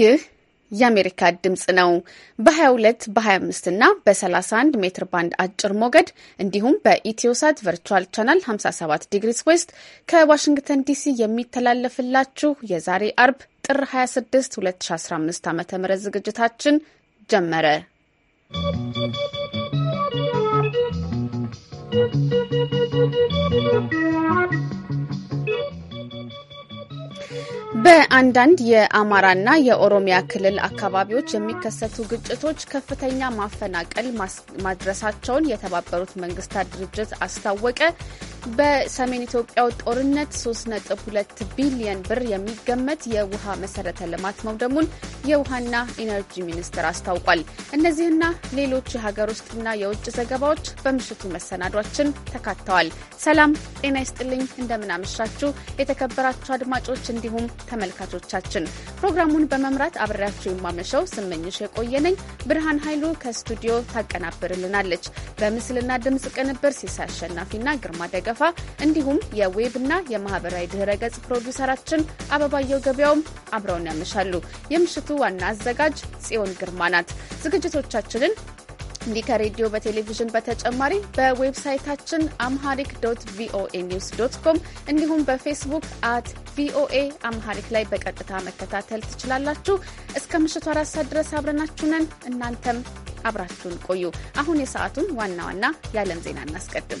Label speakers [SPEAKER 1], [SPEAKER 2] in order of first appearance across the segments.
[SPEAKER 1] ይህ የአሜሪካ ድምፅ ነው። በ22 በ25 እና በ31 ሜትር ባንድ አጭር ሞገድ እንዲሁም በኢትዮሳት ቨርቹዋል ቻናል 57 ዲግሪስ ዌስት ከዋሽንግተን ዲሲ የሚተላለፍላችሁ የዛሬ አርብ ጥር 26 2015 ዓ ም ዝግጅታችን ጀመረ። ¶¶ በአንዳንድ የአማራና የኦሮሚያ ክልል አካባቢዎች የሚከሰቱ ግጭቶች ከፍተኛ ማፈናቀል ማድረሳቸውን የተባበሩት መንግስታት ድርጅት አስታወቀ። በሰሜን ኢትዮጵያው ጦርነት 3.2 ቢሊየን ብር የሚገመት የውሃ መሰረተ ልማት መውደሙን የውሃና ኢነርጂ ሚኒስቴር አስታውቋል። እነዚህና ሌሎች የሀገር ውስጥና የውጭ ዘገባዎች በምሽቱ መሰናዷችን ተካተዋል። ሰላም ጤና ይስጥልኝ። እንደምናመሻችሁ የተከበራችሁ አድማጮች እንዲሁም ተመልካቾቻችን ፕሮግራሙን በመምራት አብሬያችሁ የማመሸው ስመኝሽ የቆየነኝ ብርሃን ኃይሉ ከስቱዲዮ ታቀናብርልናለች። በምስልና ድምፅ ቅንብር ሲሳይ አሸናፊና ግርማ ደገፍ አሰፋ እንዲሁም የዌብና የማህበራዊ ድህረ ገጽ ፕሮዲውሰራችን አበባየው ገበያውም አብረውን ያመሻሉ። የምሽቱ ዋና አዘጋጅ ጽዮን ግርማ ናት። ዝግጅቶቻችንን እንዲህ ከሬዲዮ በቴሌቪዥን በተጨማሪ በዌብሳይታችን አምሃሪክ ዶት ቪኦኤ ኒውስ ዶት ኮም እንዲሁም በፌስቡክ አት ቪኦኤ አምሃሪክ ላይ በቀጥታ መከታተል ትችላላችሁ። እስከ ምሽቱ አራት ሰዓት ድረስ አብረናችሁ ነን። እናንተም አብራችሁን ቆዩ። አሁን የሰዓቱን ዋና ዋና የዓለም ዜና እናስቀድም።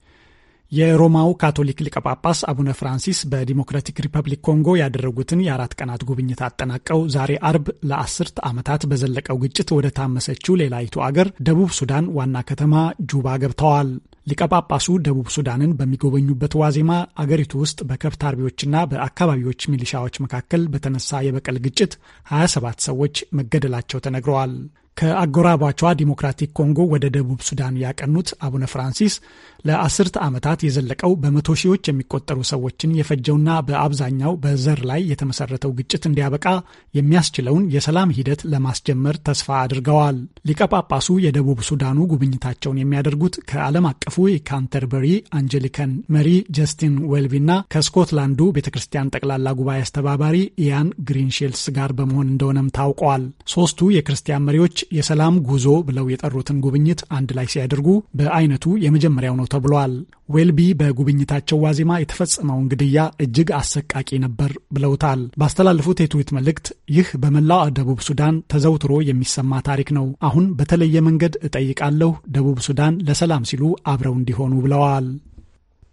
[SPEAKER 2] የሮማው ካቶሊክ ሊቀ ጳጳስ አቡነ ፍራንሲስ በዲሞክራቲክ ሪፐብሊክ ኮንጎ ያደረጉትን የአራት ቀናት ጉብኝት አጠናቀው ዛሬ አርብ ለአስርት ዓመታት በዘለቀው ግጭት ወደ ታመሰችው ሌላይቱ አገር ደቡብ ሱዳን ዋና ከተማ ጁባ ገብተዋል። ሊቀ ጳጳሱ ደቡብ ሱዳንን በሚጎበኙበት ዋዜማ አገሪቱ ውስጥ በከብት አርቢዎችና በአካባቢዎች ሚሊሻዎች መካከል በተነሳ የበቀል ግጭት 27 ሰዎች መገደላቸው ተነግረዋል። ከአጎራባቿ ዲሞክራቲክ ኮንጎ ወደ ደቡብ ሱዳን ያቀኑት አቡነ ፍራንሲስ ለአስርተ ዓመታት የዘለቀው በመቶ ሺዎች የሚቆጠሩ ሰዎችን የፈጀውና በአብዛኛው በዘር ላይ የተመሰረተው ግጭት እንዲያበቃ የሚያስችለውን የሰላም ሂደት ለማስጀመር ተስፋ አድርገዋል። ሊቀጳጳሱ ጳጳሱ የደቡብ ሱዳኑ ጉብኝታቸውን የሚያደርጉት ከዓለም አቀፉ የካንተርበሪ አንጀሊከን መሪ ጀስቲን ዌልቢና ከስኮትላንዱ ቤተ ክርስቲያን ጠቅላላ ጉባኤ አስተባባሪ ኢያን ግሪንሼልስ ጋር በመሆን እንደሆነም ታውቋል። ሶስቱ የክርስቲያን መሪዎች የሰላም ጉዞ ብለው የጠሩትን ጉብኝት አንድ ላይ ሲያደርጉ በአይነቱ የመጀመሪያው ነው ተብሏል። ዌልቢ በጉብኝታቸው ዋዜማ የተፈጸመውን ግድያ እጅግ አሰቃቂ ነበር ብለውታል። ባስተላለፉት የትዊት መልእክት ይህ በመላው ደቡብ ሱዳን ተዘውትሮ የሚሰማ ታሪክ ነው። አሁን በተለየ መንገድ እጠይቃለሁ። ደቡብ ሱዳን ለሰላም ሲሉ አብረው እንዲሆኑ ብለዋል።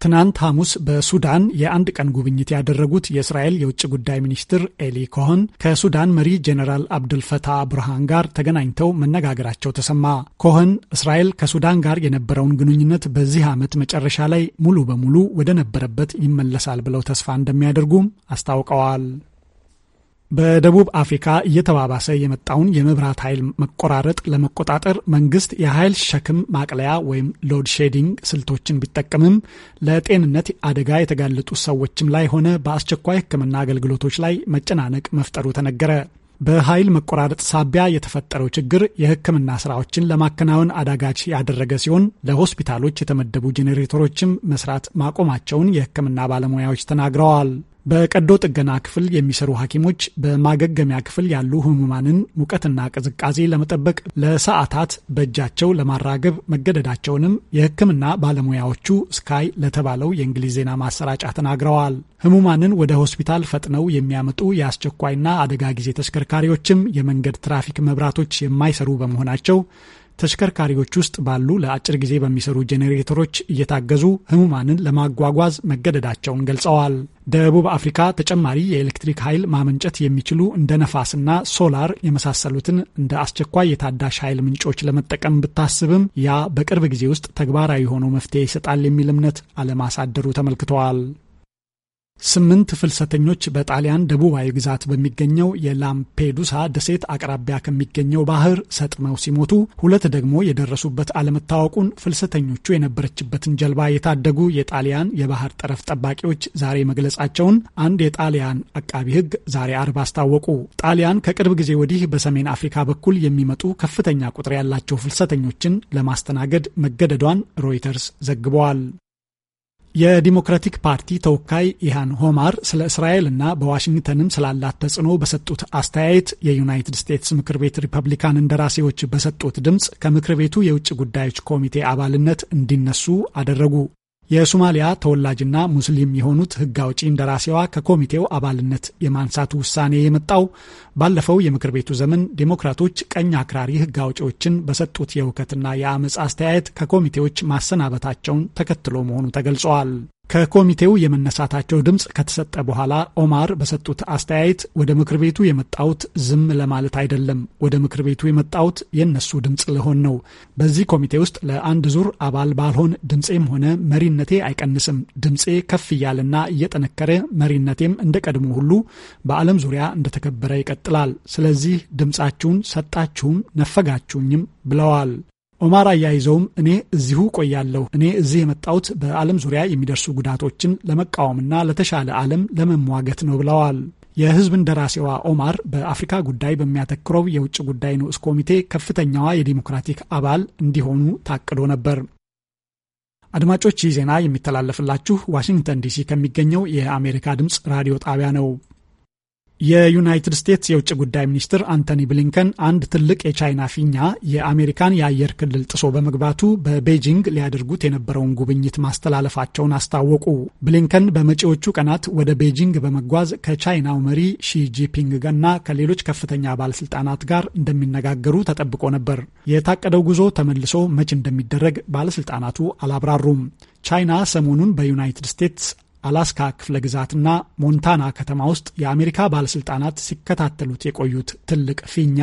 [SPEAKER 2] ትናንት ሐሙስ በሱዳን የአንድ ቀን ጉብኝት ያደረጉት የእስራኤል የውጭ ጉዳይ ሚኒስትር ኤሊ ኮሆን ከሱዳን መሪ ጀኔራል አብዱልፈታህ ብርሃን ጋር ተገናኝተው መነጋገራቸው ተሰማ። ኮሆን እስራኤል ከሱዳን ጋር የነበረውን ግንኙነት በዚህ ዓመት መጨረሻ ላይ ሙሉ በሙሉ ወደ ነበረበት ይመለሳል ብለው ተስፋ እንደሚያደርጉም አስታውቀዋል። በደቡብ አፍሪካ እየተባባሰ የመጣውን የመብራት ኃይል መቆራረጥ ለመቆጣጠር መንግስት የኃይል ሸክም ማቅለያ ወይም ሎድ ሼዲንግ ስልቶችን ቢጠቀምም ለጤንነት አደጋ የተጋለጡ ሰዎችም ላይ ሆነ በአስቸኳይ ሕክምና አገልግሎቶች ላይ መጨናነቅ መፍጠሩ ተነገረ። በኃይል መቆራረጥ ሳቢያ የተፈጠረው ችግር የሕክምና ስራዎችን ለማከናወን አዳጋች ያደረገ ሲሆን ለሆስፒታሎች የተመደቡ ጄኔሬተሮችም መስራት ማቆማቸውን የሕክምና ባለሙያዎች ተናግረዋል። በቀዶ ጥገና ክፍል የሚሰሩ ሐኪሞች በማገገሚያ ክፍል ያሉ ህሙማንን ሙቀትና ቅዝቃዜ ለመጠበቅ ለሰዓታት በእጃቸው ለማራገብ መገደዳቸውንም የሕክምና ባለሙያዎቹ ስካይ ለተባለው የእንግሊዝ ዜና ማሰራጫ ተናግረዋል። ህሙማንን ወደ ሆስፒታል ፈጥነው የሚያመጡ የአስቸኳይና አደጋ ጊዜ ተሽከርካሪዎችም የመንገድ ትራፊክ መብራቶች የማይሰሩ በመሆናቸው ተሽከርካሪዎች ውስጥ ባሉ ለአጭር ጊዜ በሚሰሩ ጄኔሬተሮች እየታገዙ ህሙማንን ለማጓጓዝ መገደዳቸውን ገልጸዋል። ደቡብ አፍሪካ ተጨማሪ የኤሌክትሪክ ኃይል ማመንጨት የሚችሉ እንደ ነፋስና ሶላር የመሳሰሉትን እንደ አስቸኳይ የታዳሽ ኃይል ምንጮች ለመጠቀም ብታስብም ያ በቅርብ ጊዜ ውስጥ ተግባራዊ ሆኖ መፍትሄ ይሰጣል የሚል እምነት አለማሳደሩ ተመልክተዋል። ስምንት ፍልሰተኞች በጣሊያን ደቡባዊ ግዛት በሚገኘው የላምፔዱሳ ደሴት አቅራቢያ ከሚገኘው ባህር ሰጥመው ሲሞቱ ሁለት ደግሞ የደረሱበት አለመታወቁን ፍልሰተኞቹ የነበረችበትን ጀልባ የታደጉ የጣሊያን የባህር ጠረፍ ጠባቂዎች ዛሬ መግለጻቸውን አንድ የጣሊያን አቃቢ ሕግ ዛሬ አርብ አስታወቁ። ጣሊያን ከቅርብ ጊዜ ወዲህ በሰሜን አፍሪካ በኩል የሚመጡ ከፍተኛ ቁጥር ያላቸው ፍልሰተኞችን ለማስተናገድ መገደዷን ሮይተርስ ዘግበዋል። የዲሞክራቲክ ፓርቲ ተወካይ ኢሃን ሆማር ስለ እስራኤልና በዋሽንግተንም ስላላት ተጽዕኖ በሰጡት አስተያየት የዩናይትድ ስቴትስ ምክር ቤት ሪፐብሊካን እንደራሴዎች በሰጡት ድምፅ ከምክር ቤቱ የውጭ ጉዳዮች ኮሚቴ አባልነት እንዲነሱ አደረጉ። የሶማሊያ ተወላጅና ሙስሊም የሆኑት ሕግ አውጪ እንደራሴዋ ከኮሚቴው አባልነት የማንሳቱ ውሳኔ የመጣው ባለፈው የምክር ቤቱ ዘመን ዴሞክራቶች ቀኝ አክራሪ ሕግ አውጪዎችን በሰጡት የእውከትና የአመፅ አስተያየት ከኮሚቴዎች ማሰናበታቸውን ተከትሎ መሆኑ ተገልጸዋል። ከኮሚቴው የመነሳታቸው ድምፅ ከተሰጠ በኋላ ኦማር በሰጡት አስተያየት ወደ ምክር ቤቱ የመጣሁት ዝም ለማለት አይደለም፣ ወደ ምክር ቤቱ የመጣሁት የእነሱ ድምፅ ልሆን ነው። በዚህ ኮሚቴ ውስጥ ለአንድ ዙር አባል ባልሆን ድምፄም ሆነ መሪነቴ አይቀንስም። ድምፄ ከፍ እያለና እየጠነከረ መሪነቴም እንደ ቀድሞ ሁሉ በዓለም ዙሪያ እንደተከበረ ይቀጥላል። ስለዚህ ድምፃችሁን ሰጣችሁም ነፈጋችሁኝም ብለዋል። ኦማር አያይዘውም እኔ እዚሁ ቆያለሁ። እኔ እዚህ የመጣሁት በዓለም ዙሪያ የሚደርሱ ጉዳቶችን ለመቃወምና ለተሻለ ዓለም ለመሟገት ነው ብለዋል። የሕዝብ እንደራሴዋ ኦማር በአፍሪካ ጉዳይ በሚያተክረው የውጭ ጉዳይ ንዑስ ኮሚቴ ከፍተኛዋ የዲሞክራቲክ አባል እንዲሆኑ ታቅዶ ነበር። አድማጮች ይህ ዜና የሚተላለፍላችሁ ዋሽንግተን ዲሲ ከሚገኘው የአሜሪካ ድምፅ ራዲዮ ጣቢያ ነው። የዩናይትድ ስቴትስ የውጭ ጉዳይ ሚኒስትር አንቶኒ ብሊንከን አንድ ትልቅ የቻይና ፊኛ የአሜሪካን የአየር ክልል ጥሶ በመግባቱ በቤጂንግ ሊያደርጉት የነበረውን ጉብኝት ማስተላለፋቸውን አስታወቁ። ብሊንከን በመጪዎቹ ቀናት ወደ ቤጂንግ በመጓዝ ከቻይናው መሪ ሺጂፒንግ እና ከሌሎች ከፍተኛ ባለስልጣናት ጋር እንደሚነጋገሩ ተጠብቆ ነበር። የታቀደው ጉዞ ተመልሶ መች እንደሚደረግ ባለስልጣናቱ አላብራሩም። ቻይና ሰሞኑን በዩናይትድ ስቴትስ አላስካ ክፍለ ግዛትና ሞንታና ከተማ ውስጥ የአሜሪካ ባለስልጣናት ሲከታተሉት የቆዩት ትልቅ ፊኛ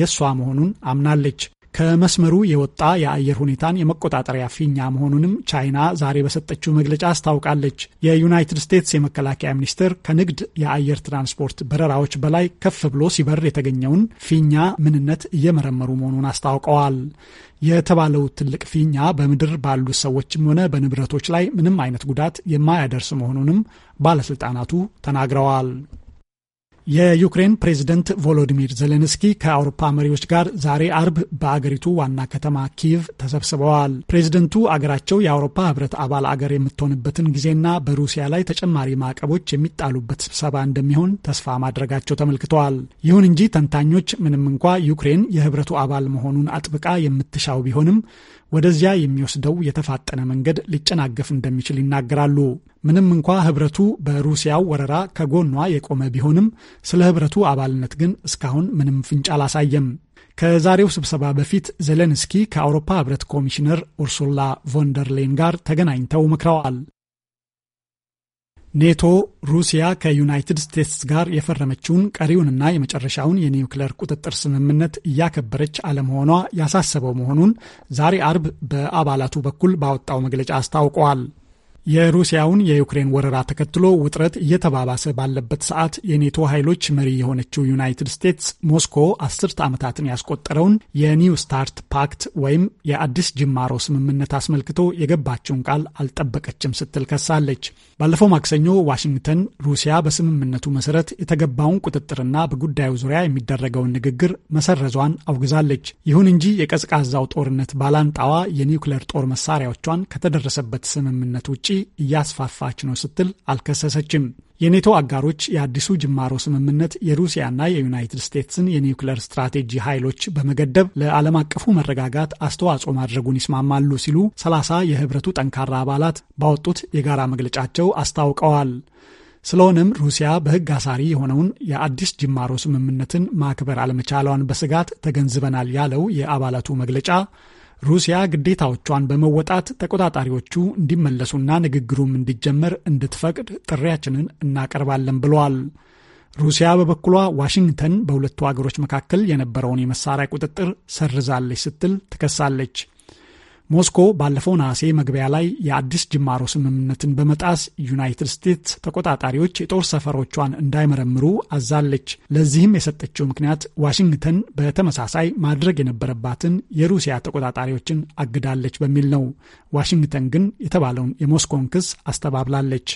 [SPEAKER 2] የእሷ መሆኑን አምናለች። ከመስመሩ የወጣ የአየር ሁኔታን የመቆጣጠሪያ ፊኛ መሆኑንም ቻይና ዛሬ በሰጠችው መግለጫ አስታውቃለች። የዩናይትድ ስቴትስ የመከላከያ ሚኒስቴር ከንግድ የአየር ትራንስፖርት በረራዎች በላይ ከፍ ብሎ ሲበር የተገኘውን ፊኛ ምንነት እየመረመሩ መሆኑን አስታውቀዋል። የተባለው ትልቅ ፊኛ በምድር ባሉ ሰዎችም ሆነ በንብረቶች ላይ ምንም አይነት ጉዳት የማያደርስ መሆኑንም ባለስልጣናቱ ተናግረዋል። የዩክሬን ፕሬዝደንት ቮሎዲሚር ዜሌንስኪ ከአውሮፓ መሪዎች ጋር ዛሬ አርብ በአገሪቱ ዋና ከተማ ኪቭ ተሰብስበዋል። ፕሬዝደንቱ አገራቸው የአውሮፓ ህብረት አባል አገር የምትሆንበትን ጊዜና በሩሲያ ላይ ተጨማሪ ማዕቀቦች የሚጣሉበት ስብሰባ እንደሚሆን ተስፋ ማድረጋቸው ተመልክተዋል። ይሁን እንጂ ተንታኞች ምንም እንኳ ዩክሬን የህብረቱ አባል መሆኑን አጥብቃ የምትሻው ቢሆንም ወደዚያ የሚወስደው የተፋጠነ መንገድ ሊጨናገፍ እንደሚችል ይናገራሉ። ምንም እንኳ ህብረቱ በሩሲያው ወረራ ከጎኗ የቆመ ቢሆንም ስለ ህብረቱ አባልነት ግን እስካሁን ምንም ፍንጭ አላሳየም። ከዛሬው ስብሰባ በፊት ዜሌንስኪ ከአውሮፓ ህብረት ኮሚሽነር ኡርሱላ ቮንደርሌን ጋር ተገናኝተው መክረዋል። ኔቶ ሩሲያ ከዩናይትድ ስቴትስ ጋር የፈረመችውን ቀሪውንና የመጨረሻውን የኒውክሌር ቁጥጥር ስምምነት እያከበረች አለመሆኗ ያሳሰበው መሆኑን ዛሬ አርብ በአባላቱ በኩል ባወጣው መግለጫ አስታውቀዋል። የሩሲያውን የዩክሬን ወረራ ተከትሎ ውጥረት እየተባባሰ ባለበት ሰዓት የኔቶ ኃይሎች መሪ የሆነችው ዩናይትድ ስቴትስ ሞስኮ አስርት ዓመታትን ያስቆጠረውን የኒው ስታርት ፓክት ወይም የአዲስ ጅማሮ ስምምነት አስመልክቶ የገባቸውን ቃል አልጠበቀችም ስትል ከሳለች። ባለፈው ማክሰኞ ዋሽንግተን ሩሲያ በስምምነቱ መሰረት የተገባውን ቁጥጥርና በጉዳዩ ዙሪያ የሚደረገውን ንግግር መሰረዟን አውግዛለች። ይሁን እንጂ የቀዝቃዛው ጦርነት ባላንጣዋ የኒውክሌር ጦር መሳሪያዎቿን ከተደረሰበት ስምምነት ውጪ እያስፋፋች ነው ስትል አልከሰሰችም። የኔቶ አጋሮች የአዲሱ ጅማሮ ስምምነት የሩሲያና የዩናይትድ ስቴትስን የኒውክለር ስትራቴጂ ኃይሎች በመገደብ ለዓለም አቀፉ መረጋጋት አስተዋጽኦ ማድረጉን ይስማማሉ ሲሉ 30 የህብረቱ ጠንካራ አባላት ባወጡት የጋራ መግለጫቸው አስታውቀዋል። ስለሆነም ሩሲያ በህግ አሳሪ የሆነውን የአዲስ ጅማሮ ስምምነትን ማክበር አለመቻሏን በስጋት ተገንዝበናል ያለው የአባላቱ መግለጫ ሩሲያ ግዴታዎቿን በመወጣት ተቆጣጣሪዎቹ እንዲመለሱና ንግግሩም እንዲጀመር እንድትፈቅድ ጥሪያችንን እናቀርባለን ብለዋል። ሩሲያ በበኩሏ ዋሽንግተን በሁለቱ አገሮች መካከል የነበረውን የመሳሪያ ቁጥጥር ሰርዛለች ስትል ትከሳለች። ሞስኮ ባለፈው ነሐሴ መግቢያ ላይ የአዲስ ጅማሮ ስምምነትን በመጣስ ዩናይትድ ስቴትስ ተቆጣጣሪዎች የጦር ሰፈሮቿን እንዳይመረምሩ አዛለች። ለዚህም የሰጠችው ምክንያት ዋሽንግተን በተመሳሳይ ማድረግ የነበረባትን የሩሲያ ተቆጣጣሪዎችን አግዳለች በሚል ነው። ዋሽንግተን ግን የተባለውን የሞስኮን ክስ አስተባብላለች።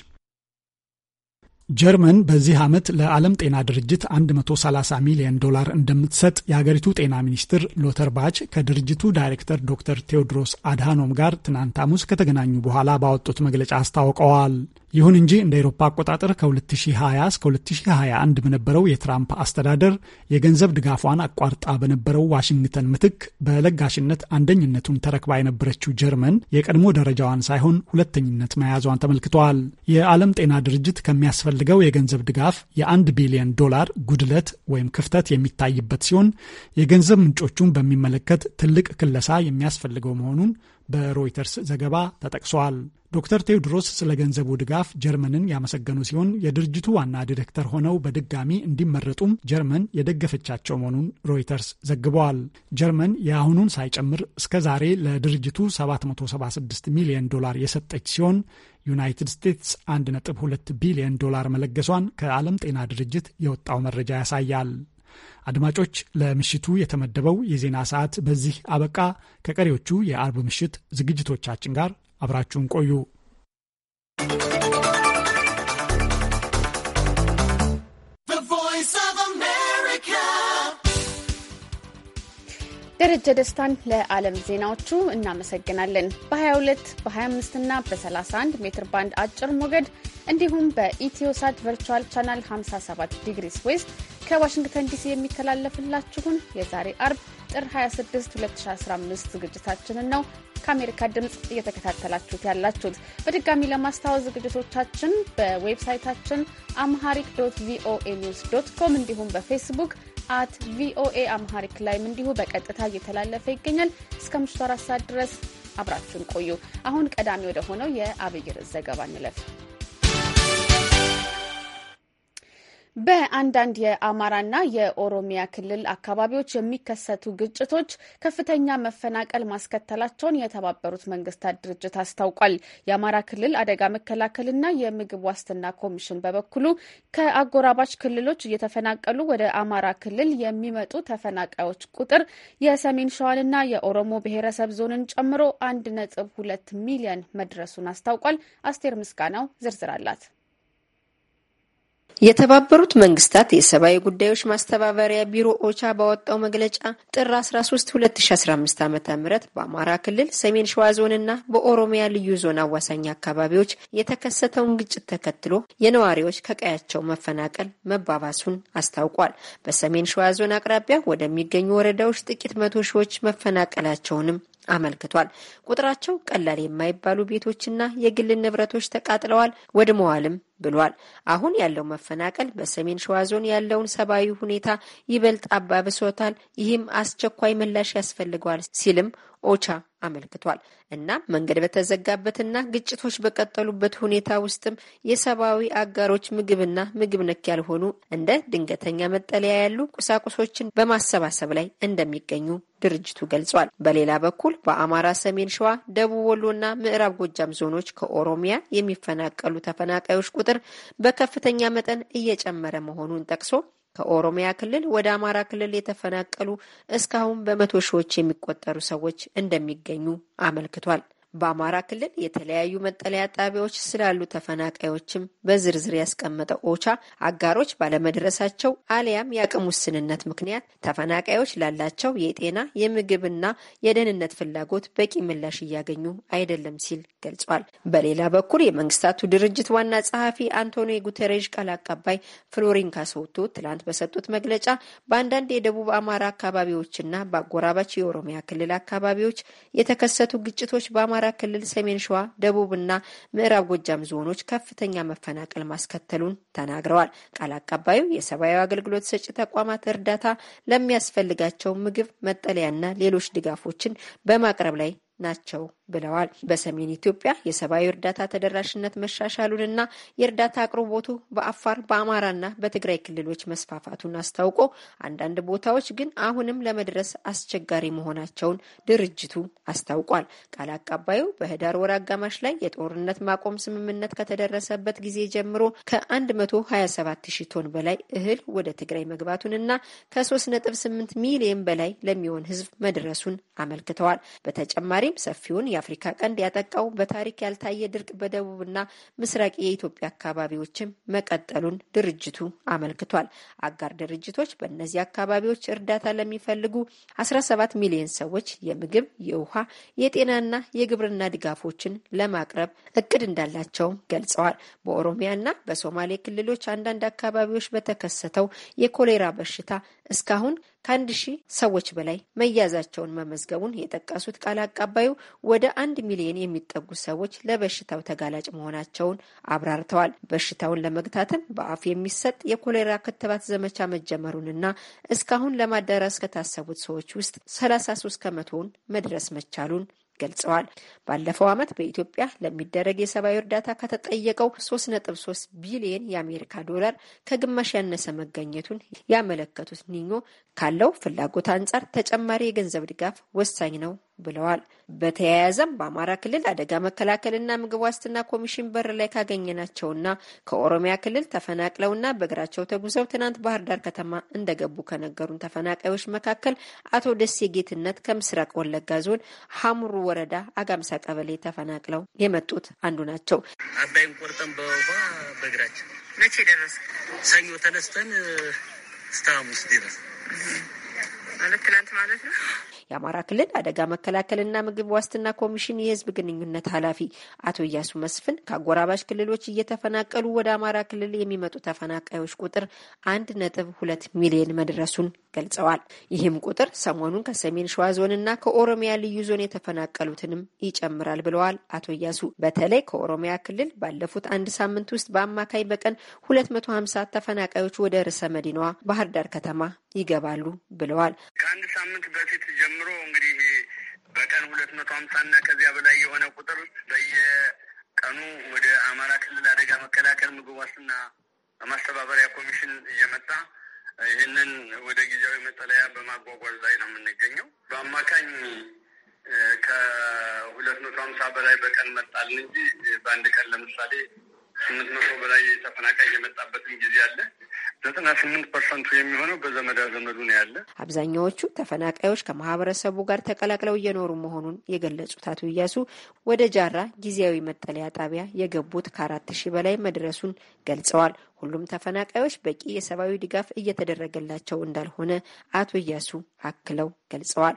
[SPEAKER 2] ጀርመን በዚህ ዓመት ለዓለም ጤና ድርጅት 130 ሚሊዮን ዶላር እንደምትሰጥ የሀገሪቱ ጤና ሚኒስትር ሎተር ባች ከድርጅቱ ዳይሬክተር ዶክተር ቴዎድሮስ አድሃኖም ጋር ትናንት ሐሙስ ከተገናኙ በኋላ ባወጡት መግለጫ አስታውቀዋል። ይሁን እንጂ እንደ ኤሮፓ አቆጣጠር ከ2020 እስከ 2021 በነበረው የትራምፕ አስተዳደር የገንዘብ ድጋፏን አቋርጣ በነበረው ዋሽንግተን ምትክ በለጋሽነት አንደኝነቱን ተረክባ የነበረችው ጀርመን የቀድሞ ደረጃዋን ሳይሆን ሁለተኝነት መያዟን ተመልክተዋል። የዓለም ጤና ድርጅት ከሚያስፈልገው የገንዘብ ድጋፍ የአንድ ቢሊዮን ዶላር ጉድለት ወይም ክፍተት የሚታይበት ሲሆን የገንዘብ ምንጮቹን በሚመለከት ትልቅ ክለሳ የሚያስፈልገው መሆኑን በሮይተርስ ዘገባ ተጠቅሷል። ዶክተር ቴዎድሮስ ስለ ገንዘቡ ድጋፍ ጀርመንን ያመሰገኑ ሲሆን የድርጅቱ ዋና ዲሬክተር ሆነው በድጋሚ እንዲመረጡም ጀርመን የደገፈቻቸው መሆኑን ሮይተርስ ዘግበዋል። ጀርመን የአሁኑን ሳይጨምር እስከ ዛሬ ለድርጅቱ 776 ሚሊዮን ዶላር የሰጠች ሲሆን ዩናይትድ ስቴትስ 1.2 ቢሊዮን ዶላር መለገሷን ከዓለም ጤና ድርጅት የወጣው መረጃ ያሳያል። አድማጮች፣ ለምሽቱ የተመደበው የዜና ሰዓት በዚህ አበቃ። ከቀሪዎቹ የአርብ ምሽት ዝግጅቶቻችን ጋር አብራችሁን ቆዩ።
[SPEAKER 1] ደረጀ ደስታን ለዓለም ዜናዎቹ እናመሰግናለን። በ22 በ25 እና በ31 ሜትር ባንድ አጭር ሞገድ እንዲሁም በኢትዮሳት ቨርቹዋል ቻናል 57 ዲግሪስ ዌስት ከዋሽንግተን ዲሲ የሚተላለፍላችሁን የዛሬ አርብ ጥር 26 2015 ዝግጅታችንን ነው ከአሜሪካ ድምፅ እየተከታተላችሁት ያላችሁት። በድጋሚ ለማስታወስ ዝግጅቶቻችን በዌብሳይታችን አምሃሪክ ዶት ቪኦኤ ኒውስ ዶት ኮም እንዲሁም በፌስቡክ አት ቪኦኤ አምሃሪክ ላይም እንዲሁ በቀጥታ እየተላለፈ ይገኛል። እስከ ምሽቱ አራት ሰዓት ድረስ አብራችሁን ቆዩ። አሁን ቀዳሚ ወደ ሆነው የአብይር ዘገባ እንለፍ። በአንዳንድ የአማራና የኦሮሚያ ክልል አካባቢዎች የሚከሰቱ ግጭቶች ከፍተኛ መፈናቀል ማስከተላቸውን የተባበሩት መንግስታት ድርጅት አስታውቋል። የአማራ ክልል አደጋ መከላከልና የምግብ ዋስትና ኮሚሽን በበኩሉ ከአጎራባች ክልሎች እየተፈናቀሉ ወደ አማራ ክልል የሚመጡ ተፈናቃዮች ቁጥር የሰሜን ሸዋንና የኦሮሞ ብሔረሰብ ዞንን ጨምሮ አንድ ነጥብ ሁለት ሚሊዮን መድረሱን አስታውቋል። አስቴር ምስጋናው ዝርዝር አላት።
[SPEAKER 3] የተባበሩት መንግስታት የሰብአዊ ጉዳዮች ማስተባበሪያ ቢሮ ኦቻ ባወጣው መግለጫ ጥር 13 2015 ዓ ም በአማራ ክልል ሰሜን ሸዋ ዞንና በኦሮሚያ ልዩ ዞን አዋሳኝ አካባቢዎች የተከሰተውን ግጭት ተከትሎ የነዋሪዎች ከቀያቸው መፈናቀል መባባሱን አስታውቋል። በሰሜን ሸዋ ዞን አቅራቢያ ወደሚገኙ ወረዳዎች ጥቂት መቶ ሺዎች መፈናቀላቸውንም አመልክቷል። ቁጥራቸው ቀላል የማይባሉ ቤቶችና የግል ንብረቶች ተቃጥለዋል፣ ወድመዋልም ብሏል። አሁን ያለው መፈናቀል በሰሜን ሸዋ ዞን ያለውን ሰብአዊ ሁኔታ ይበልጥ አባብሶታል። ይህም አስቸኳይ ምላሽ ያስፈልገዋል ሲልም ኦቻ አመልክቷል። እናም መንገድ በተዘጋበትና ግጭቶች በቀጠሉበት ሁኔታ ውስጥም የሰብአዊ አጋሮች ምግብና ምግብ ነክ ያልሆኑ እንደ ድንገተኛ መጠለያ ያሉ ቁሳቁሶችን በማሰባሰብ ላይ እንደሚገኙ ድርጅቱ ገልጿል። በሌላ በኩል በአማራ ሰሜን ሸዋ፣ ደቡብ ወሎና ምዕራብ ጎጃም ዞኖች ከኦሮሚያ የሚፈናቀሉ ተፈናቃዮች ቁጥር ቁጥር በከፍተኛ መጠን እየጨመረ መሆኑን ጠቅሶ ከኦሮሚያ ክልል ወደ አማራ ክልል የተፈናቀሉ እስካሁን በመቶ ሺዎች የሚቆጠሩ ሰዎች እንደሚገኙ አመልክቷል። በአማራ ክልል የተለያዩ መጠለያ ጣቢያዎች ስላሉ ተፈናቃዮችም በዝርዝር ያስቀመጠው ኦቻ አጋሮች ባለመድረሳቸው አሊያም የአቅም ውስንነት ምክንያት ተፈናቃዮች ላላቸው የጤና የምግብና የደህንነት ፍላጎት በቂ ምላሽ እያገኙ አይደለም ሲል ገልጿል። በሌላ በኩል የመንግስታቱ ድርጅት ዋና ጸሐፊ አንቶኒ ጉተሬዥ ቃል አቀባይ ፍሎሪን ካሶቶ ትላንት በሰጡት መግለጫ በአንዳንድ የደቡብ አማራ አካባቢዎችና በአጎራባች የኦሮሚያ ክልል አካባቢዎች የተከሰቱ ግጭቶች በአማራ በአማራ ክልል ሰሜን ሸዋ፣ ደቡብና ምዕራብ ጎጃም ዞኖች ከፍተኛ መፈናቀል ማስከተሉን ተናግረዋል። ቃል አቀባዩ የሰብአዊ አገልግሎት ሰጪ ተቋማት እርዳታ ለሚያስፈልጋቸው ምግብ፣ መጠለያና ሌሎች ድጋፎችን በማቅረብ ላይ ናቸው ብለዋል። በሰሜን ኢትዮጵያ የሰብአዊ እርዳታ ተደራሽነት መሻሻሉንና የእርዳታ አቅርቦቱ በአፋር በአማራና በትግራይ ክልሎች መስፋፋቱን አስታውቆ አንዳንድ ቦታዎች ግን አሁንም ለመድረስ አስቸጋሪ መሆናቸውን ድርጅቱ አስታውቋል። ቃል አቀባዩ በህዳር ወር አጋማሽ ላይ የጦርነት ማቆም ስምምነት ከተደረሰበት ጊዜ ጀምሮ ከ127 ሺህ ቶን በላይ እህል ወደ ትግራይ መግባቱንና ከ3.8 ሚሊዮን በላይ ለሚሆን ህዝብ መድረሱን አመልክተዋል። በተጨማሪ በተለይም ሰፊውን የአፍሪካ ቀንድ ያጠቃው በታሪክ ያልታየ ድርቅ በደቡብና ምስራቅ የኢትዮጵያ አካባቢዎችም መቀጠሉን ድርጅቱ አመልክቷል። አጋር ድርጅቶች በእነዚህ አካባቢዎች እርዳታ ለሚፈልጉ 17 ሚሊዮን ሰዎች የምግብ፣ የውሃ፣ የጤናና የግብርና ድጋፎችን ለማቅረብ እቅድ እንዳላቸውም ገልጸዋል። በኦሮሚያና በሶማሌ ክልሎች አንዳንድ አካባቢዎች በተከሰተው የኮሌራ በሽታ እስካሁን ከአንድ ሺህ ሰዎች በላይ መያዛቸውን መመዝገቡን የጠቀሱት ቃል አቀባዩ ወደ አንድ ሚሊዮን የሚጠጉ ሰዎች ለበሽታው ተጋላጭ መሆናቸውን አብራርተዋል። በሽታውን ለመግታትም በአፍ የሚሰጥ የኮሌራ ክትባት ዘመቻ መጀመሩንና እስካሁን ለማዳረስ ከታሰቡት ሰዎች ውስጥ 33 ከመቶውን መድረስ መቻሉን ገልጸዋል። ባለፈው ዓመት በኢትዮጵያ ለሚደረግ የሰብአዊ እርዳታ ከተጠየቀው 3.3 ቢሊየን የአሜሪካ ዶላር ከግማሽ ያነሰ መገኘቱን ያመለከቱት ኒኞ ካለው ፍላጎት አንጻር ተጨማሪ የገንዘብ ድጋፍ ወሳኝ ነው ብለዋል። በተያያዘም በአማራ ክልል አደጋ መከላከልና ምግብ ዋስትና ኮሚሽን በር ላይ ካገኘናቸውና ከኦሮሚያ ክልል ተፈናቅለውና በእግራቸው ተጉዘው ትናንት ባህር ዳር ከተማ እንደገቡ ከነገሩን ተፈናቃዮች መካከል አቶ ደሴ ጌትነት ከምስራቅ ወለጋ ዞን ሀሙሩ ወረዳ አጋምሳ ቀበሌ ተፈናቅለው የመጡት አንዱ ናቸው። አባይን
[SPEAKER 4] ቆርጠን በውሃ በእግራቸው መቼ ደረሰ? ሰኞ ተነስተን እስከ ሐሙስ ድረስ
[SPEAKER 3] ማለት ትናንት ማለት ነው የአማራ ክልል አደጋ መከላከልና ምግብ ዋስትና ኮሚሽን የህዝብ ግንኙነት ኃላፊ አቶ እያሱ መስፍን ከአጎራባሽ ክልሎች እየተፈናቀሉ ወደ አማራ ክልል የሚመጡ ተፈናቃዮች ቁጥር አንድ ነጥብ ሁለት ሚሊዮን መድረሱን ገልጸዋል። ይህም ቁጥር ሰሞኑን ከሰሜን ሸዋ ዞንና ከኦሮሚያ ልዩ ዞን የተፈናቀሉትንም ይጨምራል ብለዋል አቶ እያሱ። በተለይ ከኦሮሚያ ክልል ባለፉት አንድ ሳምንት ውስጥ በአማካይ በቀን 250 ተፈናቃዮች ወደ ርዕሰ መዲናዋ ባህር ዳር ከተማ ይገባሉ ብለዋል። ከአንድ ሳምንት በፊት ጀምሮ እንግዲህ በቀን ሁለት መቶ ሀምሳ እና
[SPEAKER 5] ከዚያ በላይ የሆነ ቁጥር በየቀኑ ወደ አማራ ክልል አደጋ መከላከል ምግብ ዋስትና ማስተባበሪያ ኮሚሽን እየመጣ ይህንን ወደ ጊዜያዊ መጠለያ በማጓጓዝ ላይ ነው የምንገኘው። በአማካኝ ከሁለት መቶ ሀምሳ በላይ በቀን መጣልን እንጂ በአንድ ቀን ለምሳሌ ስምንት መቶ በላይ ተፈናቃይ የመጣበትን ጊዜ አለ። ዘጠና ስምንት ፐርሰንቱ የሚሆነው በዘመዳ ዘመዱ ነው ያለ።
[SPEAKER 3] አብዛኛዎቹ ተፈናቃዮች ከማህበረሰቡ ጋር ተቀላቅለው እየኖሩ መሆኑን የገለጹት አቶ እያሱ ወደ ጃራ ጊዜያዊ መጠለያ ጣቢያ የገቡት ከአራት ሺህ በላይ መድረሱን ገልጸዋል። ሁሉም ተፈናቃዮች በቂ የሰብአዊ ድጋፍ እየተደረገላቸው እንዳልሆነ አቶ እያሱ አክለው ገልጸዋል።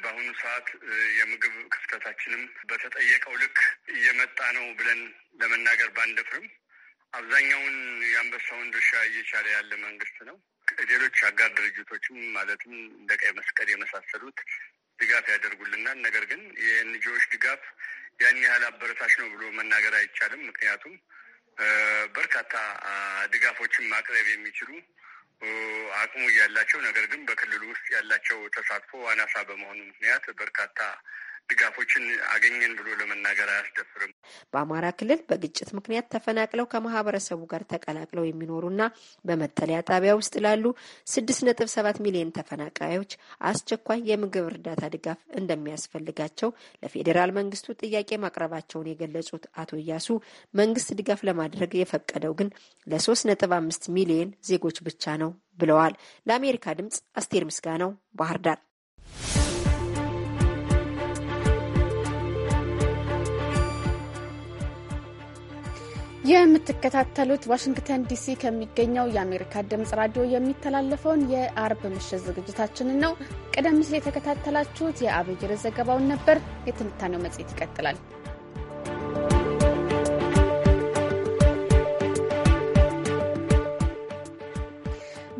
[SPEAKER 3] በአሁኑ ሰዓት የምግብ ክፍተታችንም
[SPEAKER 5] በተጠየቀው ልክ እየመጣ ነው ብለን ለመናገር ባንደፍርም አብዛኛውን የአንበሳውን ድርሻ እየቻለ ያለ መንግስት ነው። ሌሎች አጋር ድርጅቶችም ማለትም እንደ ቀይ መስቀል የመሳሰሉት ድጋፍ ያደርጉልናል። ነገር ግን የኤንጂኦዎች ድጋፍ ያን ያህል አበረታች ነው ብሎ መናገር አይቻልም። ምክንያቱም በርካታ ድጋፎችን ማቅረብ የሚችሉ አቅሙ እያላቸው ነገር ግን በክልሉ ውስጥ ያላቸው ተሳትፎ አናሳ በመሆኑ ምክንያት በርካታ ድጋፎችን አገኘን ብሎ ለመናገር አያስደፍርም።
[SPEAKER 3] በአማራ ክልል በግጭት ምክንያት ተፈናቅለው ከማህበረሰቡ ጋር ተቀላቅለው የሚኖሩና በመጠለያ ጣቢያ ውስጥ ላሉ ስድስት ነጥብ ሰባት ሚሊዮን ተፈናቃዮች አስቸኳይ የምግብ እርዳታ ድጋፍ እንደሚያስፈልጋቸው ለፌዴራል መንግስቱ ጥያቄ ማቅረባቸውን የገለጹት አቶ እያሱ መንግስት ድጋፍ ለማድረግ የፈቀደው ግን ለሶስት ነጥብ አምስት ሚሊዮን ዜጎች ብቻ ነው ብለዋል። ለአሜሪካ ድምጽ አስቴር ምስጋናው ባህር ዳር
[SPEAKER 1] የምትከታተሉት ዋሽንግተን ዲሲ ከሚገኘው የአሜሪካ ድምጽ ራዲዮ የሚተላለፈውን የአርብ ምሽት ዝግጅታችንን ነው። ቀደም ሲል የተከታተላችሁት የአብይር ዘገባውን ነበር። የትንታኔው መጽሔት ይቀጥላል።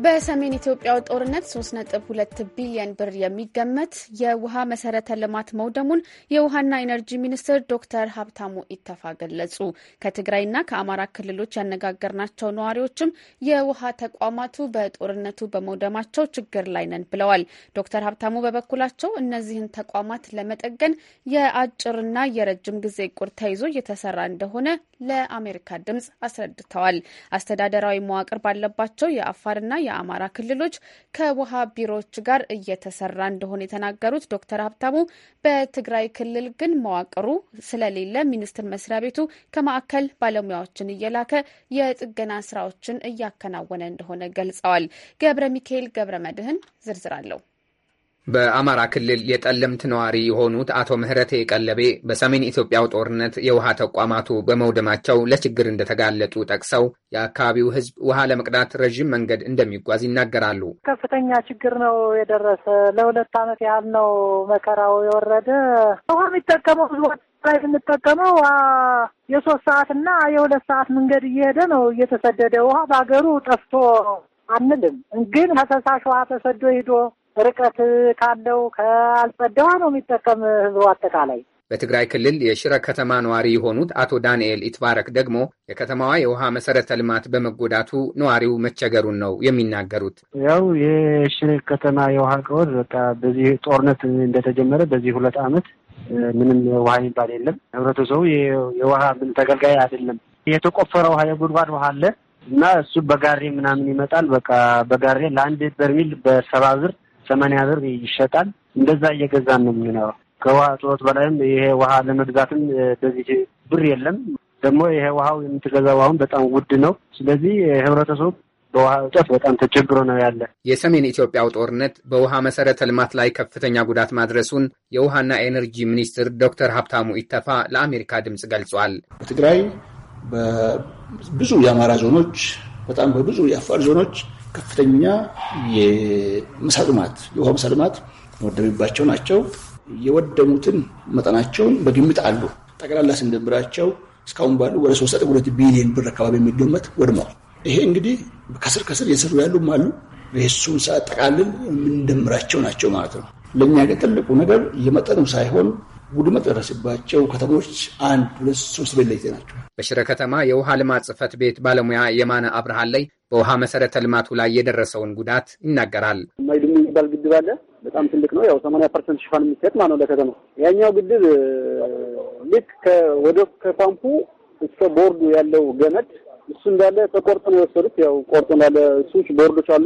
[SPEAKER 1] በሰሜን ኢትዮጵያው ጦርነት 3.2 ቢሊዮን ብር የሚገመት የውሃ መሰረተ ልማት መውደሙን የውሃና ኢነርጂ ሚኒስትር ዶክተር ሀብታሙ ኢተፋ ገለጹ። ከትግራይና ከአማራ ክልሎች ያነጋገርናቸው ነዋሪዎችም የውሃ ተቋማቱ በጦርነቱ በመውደማቸው ችግር ላይ ነን ብለዋል። ዶክተር ሀብታሙ በበኩላቸው እነዚህን ተቋማት ለመጠገን የአጭርና የረጅም ጊዜ ቁር ተይዞ እየተሰራ እንደሆነ ለአሜሪካ ድምጽ አስረድተዋል። አስተዳደራዊ መዋቅር ባለባቸው የአፋርና የአማራ ክልሎች ከውሃ ቢሮዎች ጋር እየተሰራ እንደሆነ የተናገሩት ዶክተር ሀብታሙ በትግራይ ክልል ግን መዋቅሩ ስለሌለ ሚኒስቴር መስሪያ ቤቱ ከማዕከል ባለሙያዎችን እየላከ የጥገና ስራዎችን እያከናወነ እንደሆነ ገልጸዋል። ገብረ ሚካኤል ገብረ መድህን ዝርዝር አለው።
[SPEAKER 6] በአማራ ክልል የጠለምት ነዋሪ የሆኑት አቶ ምህረቴ ቀለቤ በሰሜን ኢትዮጵያው ጦርነት የውሃ ተቋማቱ በመውደማቸው ለችግር እንደተጋለጡ ጠቅሰው የአካባቢው ሕዝብ ውሃ ለመቅዳት ረዥም መንገድ እንደሚጓዝ ይናገራሉ።
[SPEAKER 4] ከፍተኛ ችግር ነው የደረሰ። ለሁለት ዓመት ያህል ነው መከራው የወረደ። ውሃ የሚጠቀመው ህዝቦች ላይ ስንጠቀመው ውሃ የሶስት ሰዓት እና የሁለት ሰዓት መንገድ እየሄደ ነው እየተሰደደ ውሃ በሀገሩ ጠፍቶ አንልም፣ ግን ከፈሳሽ ውሃ ተሰዶ ሂዶ ርቀት ካለው ከአልጸደዋ ነው የሚጠቀም ህዝቡ አጠቃላይ።
[SPEAKER 6] በትግራይ ክልል የሽረ ከተማ ነዋሪ የሆኑት አቶ ዳንኤል ኢትባረክ ደግሞ የከተማዋ የውሃ መሰረተ ልማት በመጎዳቱ ነዋሪው መቸገሩን ነው የሚናገሩት።
[SPEAKER 5] ያው
[SPEAKER 4] የሽረ ከተማ የውሃ ቀወድ በቃ በዚህ ጦርነት እንደተጀመረ በዚህ ሁለት ዓመት ምንም ውሃ የሚባል የለም። ህብረተሰቡ የውሃ ተገልጋይ አይደለም። የተቆፈረ ውሃ የጉድጓድ ውሃ አለ እና እሱ በጋሬ ምናምን ይመጣል። በቃ በጋሬ ለአንድ በርሚል በሰባ ብር ሰማንያ ብር ይሸጣል። እንደዛ እየገዛን ነው የምንኖረው። ከውሃ እጥረት በላይም ይሄ ውሃ ለመግዛትም በዚህ ብር የለም። ደግሞ ይሄ ውሃው የምትገዛው አሁን
[SPEAKER 6] በጣም ውድ ነው።
[SPEAKER 4] ስለዚህ ህብረተሰቡ
[SPEAKER 6] በውሃ እጥረት በጣም ተቸግሮ ነው ያለ። የሰሜን ኢትዮጵያው ጦርነት በውሃ መሰረተ ልማት ላይ ከፍተኛ ጉዳት ማድረሱን የውሃና ኤነርጂ ሚኒስትር ዶክተር ሀብታሙ ኢተፋ ለአሜሪካ ድምፅ ገልጿል። በትግራይ በብዙ
[SPEAKER 7] የአማራ ዞኖች፣ በጣም በብዙ የአፋር ዞኖች ከፍተኛ የምሳ ልማት የውሃ ምሳ ልማት ናቸው። የወደሙትን መጠናቸውን በግምት አሉ። ጠቅላላ ስንደምራቸው እስካሁን ባሉ ወደ ሶስት ሁለት ቢሊዮን ብር አካባቢ የሚገመት ወድመዋል። ይሄ እንግዲህ ከስር ከስር የሰሩ ያሉም አሉ። የሱን ሰዓት ጠቃልል የምንደምራቸው ናቸው ማለት ነው። ለእኛ ግን ትልቁ ነገር የመጠኑ ሳይሆን ውድመት መጠረስባቸው ከተሞች
[SPEAKER 6] አንድ ሁለት ሶስት በለይቴ ናቸው። በሽረ ከተማ የውሃ ልማት ጽሕፈት ቤት ባለሙያ የማነ አብርሃን ላይ በውሃ መሰረተ ልማቱ ላይ የደረሰውን ጉዳት ይናገራል።
[SPEAKER 8] ማይድም የሚባል ግድብ አለ። በጣም ትልቅ ነው። ያው ሰማንያ ፐርሰንት ሽፋን የሚሰጥ ማነው ለከተማ። ያኛው ግድብ ልክ ወደ ከፓምፑ እስከ ቦርዱ ያለው ገመድ እሱ እንዳለ ተቆርጦ ነው የወሰዱት። ያው ቆርጦ እንዳለ ሱች ቦርዶች አሉ፣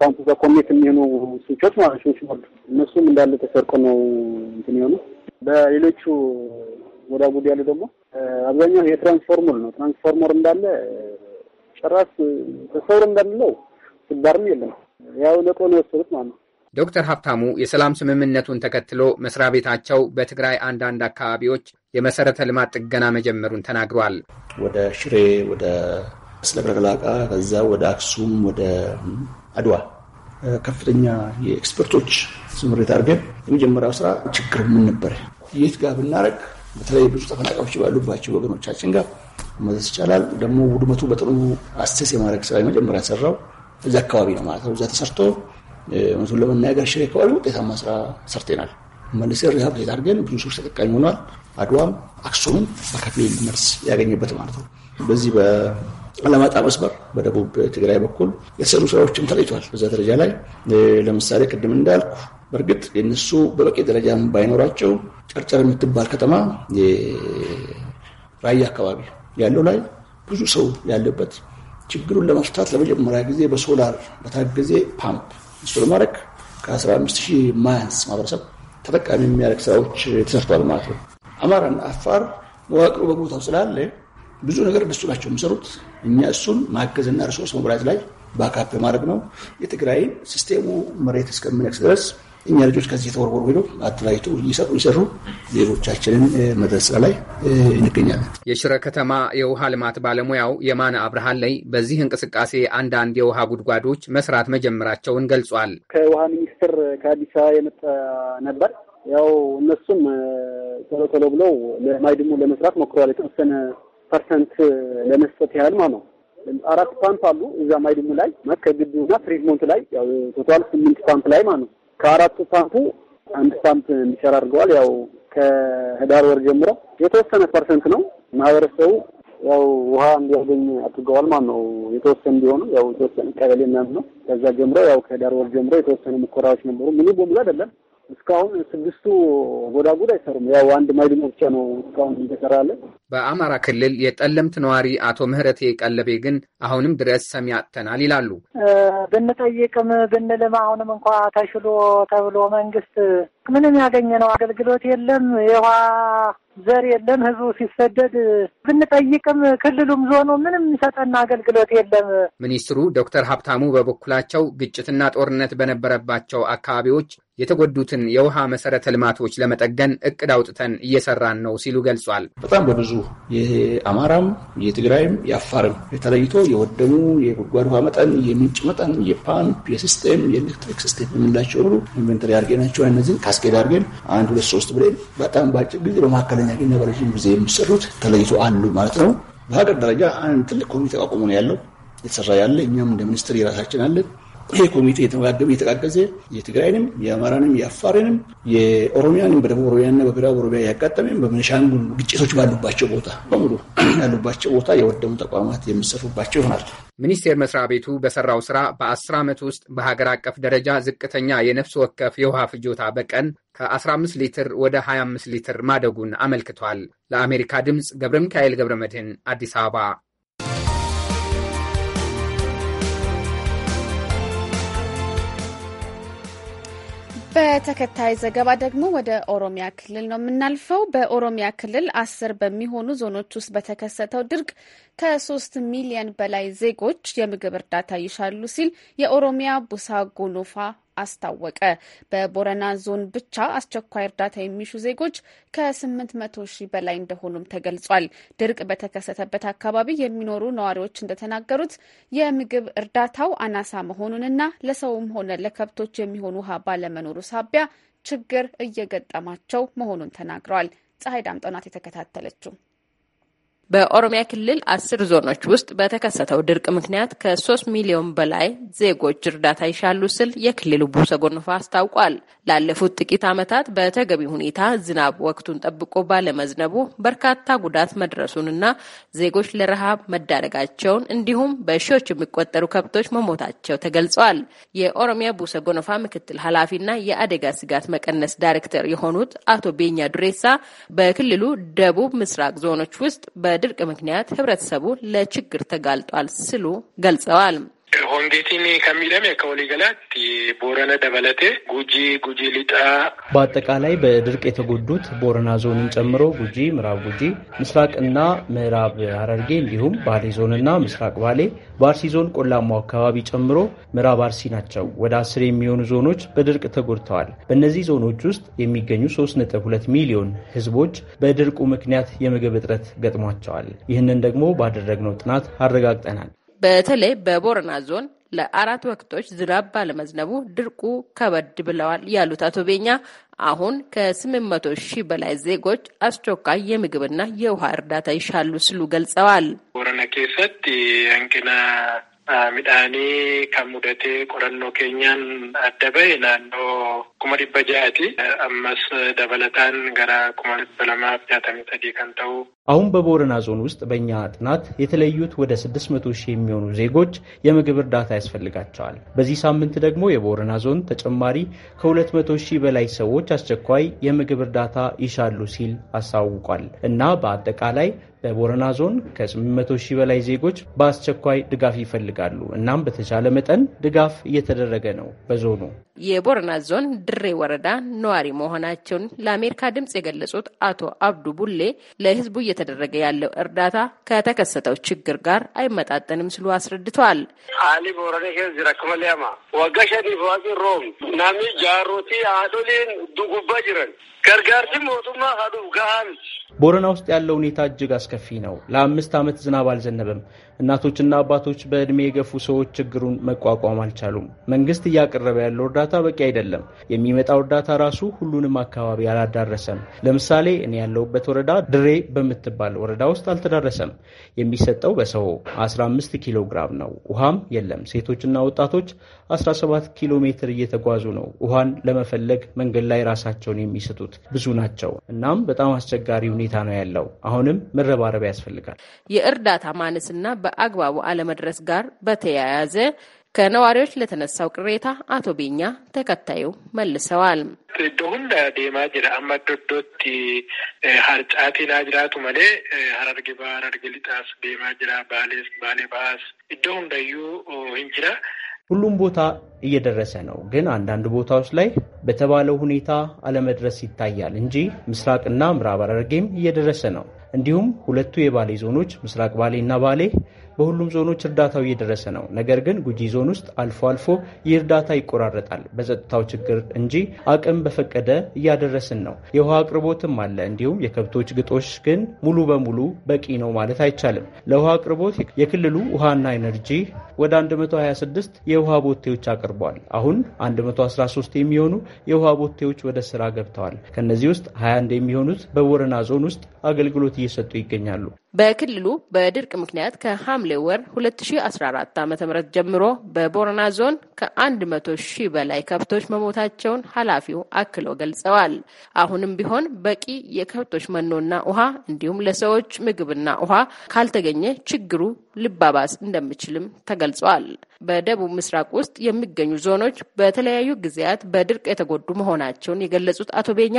[SPEAKER 8] ፓምፑ ጋር ኮኔክት የሚሆኑ ሱቾች ማለት ሱች ቦርድ፣ እነሱም እንዳለ ተሰርቆ ነው እንትን የሆነው በሌሎቹ ጎዳ ጉድ ያሉ ደግሞ አብዛኛው የትራንስፎርመር ነው። ትራንስፎርመር እንዳለ ጭራሽ ተሰውር እንዳለው ስባርም የለም። ያው ለቆ ነው
[SPEAKER 6] የወሰዱት ማለት ነው። ዶክተር ሀብታሙ የሰላም ስምምነቱን ተከትሎ መስሪያ ቤታቸው በትግራይ አንዳንድ አካባቢዎች የመሰረተ ልማት ጥገና መጀመሩን ተናግሯል። ወደ
[SPEAKER 7] ሽሬ፣ ወደ ስለብረቅላቃ፣ ከዛ ወደ አክሱም፣ ወደ አድዋ ከፍተኛ የኤክስፐርቶች ስምሬት አድርገን የመጀመሪያው ስራ ችግር ምን ነበር፣ የት ጋር ብናረግ በተለይ ብዙ ተፈናቃዮች ባሉባቸው ወገኖቻችን ጋር መዘስ ይቻላል። ደግሞ ውድመቱ በጥሩ አስስ የማድረግ ስራ የመጀመሪያ ሰራው እዚ አካባቢ ነው ማለት ነው። እዛ ተሰርቶ እውነቱን ለመናገር ሽሬ አካባቢ ውጤታማ ስራ ሰርቴናል። መልሰን ሪሃብሊት አድርገን ብዙ ሰዎች ተጠቃሚ ሆኗል። አድዋም አክሱምም በከፊል መርስ ያገኘበት ማለት ነው። በዚህ በአላማጣ መስመር በደቡብ ትግራይ በኩል የተሰሩ ስራዎችም ተለይቷል። በዛ ደረጃ ላይ ለምሳሌ ቅድም እንዳልኩ በእርግጥ የነሱ በበቂ ደረጃም ባይኖራቸው ጨርጨር የምትባል ከተማ ራያ አካባቢ ያለው ላይ ብዙ ሰው ያለበት ችግሩን ለመፍታት ለመጀመሪያ ጊዜ በሶላር በታገዜ ፓምፕ እሱ ለማድረግ ከ15 ሺህ ማያንስ ማህበረሰብ ተጠቃሚ የሚያደርግ ስራዎች ተሰርተዋል ማለት ነው። አማራና አፋር መዋቅሩ በቦታው ስላለ ብዙ ነገር እነሱ ናቸው የሚሰሩት። እኛ እሱን ማገዝና ሪሶርስ መጉዳት ላይ ባካፕ ማድረግ ነው። የትግራይን ሲስቴሙ መሬት እስከሚነክስ ድረስ እኛ ልጆች ከዚህ ተወርወሩ ሄዶ አትላይቶ እየሰሩ ይሰሩ ዜጎቻችንን መድረስ ላይ እንገኛለን።
[SPEAKER 6] የሽረ ከተማ የውሃ ልማት ባለሙያው የማነ አብርሃን ላይ በዚህ እንቅስቃሴ አንዳንድ የውሃ ጉድጓዶች መስራት መጀመራቸውን ገልጿል።
[SPEAKER 8] ከውሃ ሚኒስቴር ከአዲስ አበባ የመጣ ነበር። ያው እነሱም ቶሎ ቶሎ ብለው ለማይድሙ ለመስራት ሞክረዋል። የተወሰነ ፐርሰንት ለመስጠት ያህል ማለት ነው። አራት ፓምፕ አሉ እዛ ማይድሙ ላይ ከግቢውና ትሪትሞንት ላይ ያው ቶታል ስምንት ፓምፕ ላይ ማለት ነው ከአራቱ ፓምፑ አንድ ፓምፕ እንዲሰራ አድርገዋል። ያው ከህዳር ወር ጀምሮ የተወሰነ ፐርሰንት ነው ማህበረሰቡ ያው ውሃ እንዲያገኝ አድርገዋል ማለት ነው። የተወሰነ ቢሆኑ ያው የተወሰነ ቀበሌ ምናምን ነው። ከዛ ጀምሮ ያው ከህዳር ወር ጀምሮ የተወሰኑ ሙከራዎች ነበሩ። ምንም በሙሉ አይደለም እስካሁን ስድስቱ ጎዳጉድ አይሰሩም። ያው አንድ ማይልሞ ብቻ ነው እስካሁን እየተሰራለ።
[SPEAKER 6] በአማራ ክልል የጠለምት ነዋሪ አቶ ምህረቴ ቀለቤ ግን አሁንም ድረስ ሰሚ አጥተናል ይላሉ።
[SPEAKER 4] ብንጠይቅም ብንልም አሁንም እንኳ ተሽሎ ተብሎ መንግስት ምንም ያገኘነው አገልግሎት የለም። የውሃ ዘር የለም። ህዝቡ ሲሰደድ ብንጠይቅም ክልሉም ዞኑ ምንም የሚሰጠና አገልግሎት የለም።
[SPEAKER 6] ሚኒስትሩ ዶክተር ሀብታሙ በበኩላቸው ግጭትና ጦርነት በነበረባቸው አካባቢዎች የተጎዱትን የውሃ መሰረተ ልማቶች ለመጠገን እቅድ አውጥተን እየሰራን ነው ሲሉ ገልጿል።
[SPEAKER 7] በጣም በብዙ የአማራም የትግራይም የአፋርም የተለይቶ የወደሙ የጉድጓድ ውሃ መጠን የምንጭ መጠን የፓምፕ የሲስቴም የኤሌክትሪክ ሲስቴም የምንላቸው ሁሉ ኢንቨንተሪ ናቸው። እነዚህን ካስኬድ አድርገን አንድ ሁለት ሶስት ብለን በጣም በአጭር ጊዜ በመካከለኛ ጊዜ በረዥም ጊዜ የሚሰሩት ተለይቶ አሉ ማለት ነው። በሀገር ደረጃ አንድ ትልቅ ኮሚቴ ተቋቁሞ ነው ያለው የተሰራ ያለ እኛም እንደ ሚኒስትር የራሳችን አለን ይሄ ኮሚቴ የተጋገዘ የትግራይንም የአማራንም የአፋርንም የኦሮሚያንም በደቡብ ኦሮሚያና በምዕራብ ኦሮሚያ ያጋጠመም በቤኒሻንጉል ግጭቶች ባሉባቸው ቦታ በሙሉ ያሉባቸው ቦታ የወደሙ ተቋማት የሚሰፉባቸው ይሆናል።
[SPEAKER 6] ሚኒስቴር መስሪያ ቤቱ በሰራው ስራ በአስር ዓመት ውስጥ በሀገር አቀፍ ደረጃ ዝቅተኛ የነፍስ ወከፍ የውሃ ፍጆታ በቀን ከ15 ሊትር ወደ 25 ሊትር ማደጉን አመልክቷል። ለአሜሪካ ድምፅ ገብረ ሚካኤል ገብረ መድህን አዲስ አበባ
[SPEAKER 1] በተከታይ ዘገባ ደግሞ ወደ ኦሮሚያ ክልል ነው የምናልፈው። በኦሮሚያ ክልል አስር በሚሆኑ ዞኖች ውስጥ በተከሰተው ድርቅ ከሶስት ሚሊየን በላይ ዜጎች የምግብ እርዳታ ይሻሉ ሲል የኦሮሚያ ቡሳ ጎኖፋ አስታወቀ። በቦረና ዞን ብቻ አስቸኳይ እርዳታ የሚሹ ዜጎች ከ800 ሺህ በላይ እንደሆኑም ተገልጿል። ድርቅ በተከሰተበት አካባቢ የሚኖሩ ነዋሪዎች እንደተናገሩት የምግብ እርዳታው አናሳ መሆኑንና ለሰውም ሆነ ለከብቶች የሚሆኑ ውሃ ባለመኖሩ ሳቢያ ችግር እየገጠማቸው መሆኑን ተናግረዋል። ፀሐይ ዳምጠናት የተከታተለችው
[SPEAKER 9] በኦሮሚያ ክልል አስር ዞኖች ውስጥ በተከሰተው ድርቅ ምክንያት ከሶስት ሚሊዮን በላይ ዜጎች እርዳታ ይሻሉ ስል የክልሉ ቡሰ ጎንፋ አስታውቋል። ላለፉት ጥቂት ዓመታት በተገቢ ሁኔታ ዝናብ ወቅቱን ጠብቆ ባለመዝነቡ በርካታ ጉዳት መድረሱንና ዜጎች ለረሃብ መዳረጋቸውን እንዲሁም በሺዎች የሚቆጠሩ ከብቶች መሞታቸው ተገልጸዋል። የኦሮሚያ ቡሰ ጎንፋ ምክትል ኃላፊና የአደጋ ስጋት መቀነስ ዳይሬክተር የሆኑት አቶ ቤኛ ዱሬሳ በክልሉ ደቡብ ምስራቅ ዞኖች ውስጥ በ በድርቅ ምክንያት ህብረተሰቡ ለችግር ተጋልጧል ሲሉ ገልጸዋል። ሆንጌቲን ከሚደም ከወሊ ገላት
[SPEAKER 10] ቦረነ ደበለቴ ጉጂ ጉጂ ሊጣ በአጠቃላይ በድርቅ የተጎዱት ቦረና ዞንን ጨምሮ ጉጂ፣ ምዕራብ ጉጂ፣ ምስራቅና ምዕራብ ሐረርጌ እንዲሁም ባሌ ዞንና ምስራቅ ባሌ በአርሲ ዞን ቆላማው አካባቢ ጨምሮ ምዕራብ አርሲ ናቸው። ወደ አስር የሚሆኑ ዞኖች በድርቅ ተጎድተዋል። በእነዚህ ዞኖች ውስጥ የሚገኙ 3.2 ሚሊዮን ህዝቦች በድርቁ ምክንያት የምግብ እጥረት ገጥሟቸዋል። ይህንን ደግሞ ባደረግነው ጥናት አረጋግጠናል።
[SPEAKER 9] በተለይ በቦረና ዞን ለአራት ወቅቶች ዝናብ ባለመዝነቡ ድርቁ ከበድ ብለዋል ያሉት አቶ ቤኛ አሁን ከስምንት መቶ ሺህ በላይ ዜጎች አስቸኳይ የምግብና የውሃ እርዳታ ይሻሉ ስሉ ገልጸዋል።
[SPEAKER 5] ቦረና ኬሰት አንቅና ሚዳኒ ከሙደቴ ቆረኖ ኬኛን አደበ ናኖ ኩመ አመስ
[SPEAKER 10] ደበለታን ገራ ኩመሪበለማ ዲበ ለማፍ ጃአተሚ አሁን በቦረና ዞን ውስጥ በእኛ ጥናት የተለዩት ወደ 600 ሺህ የሚሆኑ ዜጎች የምግብ እርዳታ ያስፈልጋቸዋል። በዚህ ሳምንት ደግሞ የቦረና ዞን ተጨማሪ ከ200 ሺህ በላይ ሰዎች አስቸኳይ የምግብ እርዳታ ይሻሉ ሲል አሳውቋል እና በአጠቃላይ በቦረና ዞን ከ800 ሺህ በላይ ዜጎች በአስቸኳይ ድጋፍ ይፈልጋሉ። እናም በተቻለ መጠን ድጋፍ እየተደረገ ነው። በዞኑ
[SPEAKER 9] የቦረና ዞን ድሬ ወረዳ ነዋሪ መሆናቸውን ለአሜሪካ ድምፅ የገለጹት አቶ አብዱ ቡሌ ለህዝቡ እየተደረገ ያለው እርዳታ ከተከሰተው ችግር ጋር አይመጣጠንም ስሉ አስረድተዋል።
[SPEAKER 5] አሊ ቦረኔ ሄዝ ረክመሊያማ ወገሸኒ ሮም ናሚ ጃሮቲ አዶሊን ዱጉባ ጅረን ገርጋርቲ ሞቱማ ሀዱ ጋሃን
[SPEAKER 10] ቦረና ውስጥ ያለው ሁኔታ እጅግ አስከፊ ነው። ለአምስት ዓመት ዝናብ አልዘነበም። እናቶችና አባቶች፣ በዕድሜ የገፉ ሰዎች ችግሩን መቋቋም አልቻሉም። መንግስት እያቀረበ ያለው እርዳታ በቂ አይደለም። የሚመጣው እርዳታ ራሱ ሁሉንም አካባቢ አላዳረሰም። ለምሳሌ እኔ ያለሁበት ወረዳ ድሬ በምትባል ወረዳ ውስጥ አልተዳረሰም። የሚሰጠው በሰው 15 ኪሎ ግራም ነው። ውሃም የለም። ሴቶችና ወጣቶች 17 ኪሎ ሜትር እየተጓዙ ነው ውሃን ለመፈለግ መንገድ ላይ ራሳቸውን የሚሰጡት ብዙ ናቸው። እናም በጣም አስቸጋሪ ሁኔታ ነው ያለው። አሁንም መረባረብ ያስፈልጋል።
[SPEAKER 9] የእርዳታ ማነስና በአግባቡ አለመድረስ ጋር በተያያዘ ከነዋሪዎች ለተነሳው ቅሬታ አቶ ቤኛ ተከታዩ መልሰዋል።
[SPEAKER 5] ዶሁን ዴማ ጅራ አማ ሀርጫቲ ጅራቱ መሌ ሀረርጌ ባ ሀረርጌ ሊጣስ ዴማ ጅራ ባሌ ባሌ ባስ ዶሁን ሂንጅራ
[SPEAKER 10] ሁሉም ቦታ እየደረሰ ነው። ግን አንዳንድ ቦታዎች ላይ በተባለው ሁኔታ አለመድረስ ይታያል እንጂ ምስራቅና ምዕራብ ሐረርጌም እየደረሰ ነው። እንዲሁም ሁለቱ የባሌ ዞኖች ምስራቅ ባሌና ባሌ በሁሉም ዞኖች እርዳታው እየደረሰ ነው። ነገር ግን ጉጂ ዞን ውስጥ አልፎ አልፎ ይህ እርዳታ ይቆራረጣል፣ በጸጥታው ችግር እንጂ አቅም በፈቀደ እያደረስን ነው። የውሃ አቅርቦትም አለ። እንዲሁም የከብቶች ግጦሽ ግን ሙሉ በሙሉ በቂ ነው ማለት አይቻልም። ለውሃ አቅርቦት የክልሉ ውሃና ኤነርጂ ወደ 126 የውሃ ቦቴዎች አቅርቧል። አሁን 113 የሚሆኑ የውሃ ቦቴዎች ወደ ስራ ገብተዋል። ከነዚህ ውስጥ 21 የሚሆኑት በቦረና ዞን ውስጥ አገልግሎት እየሰጡ ይገኛሉ።
[SPEAKER 9] በክልሉ በድርቅ ምክንያት ከሐምሌ ወር 2014 ዓ.ም ጀምሮ በቦረና ዞን ከ100 ሺህ በላይ ከብቶች መሞታቸውን ኃላፊው አክለው ገልጸዋል። አሁንም ቢሆን በቂ የከብቶች መኖና ውሃ እንዲሁም ለሰዎች ምግብና ውሃ ካልተገኘ ችግሩ ልባባስ እንደሚችልም ተገልጿል። በደቡብ ምስራቅ ውስጥ የሚገኙ ዞኖች በተለያዩ ጊዜያት በድርቅ የተጎዱ መሆናቸውን የገለጹት አቶ ቤኛ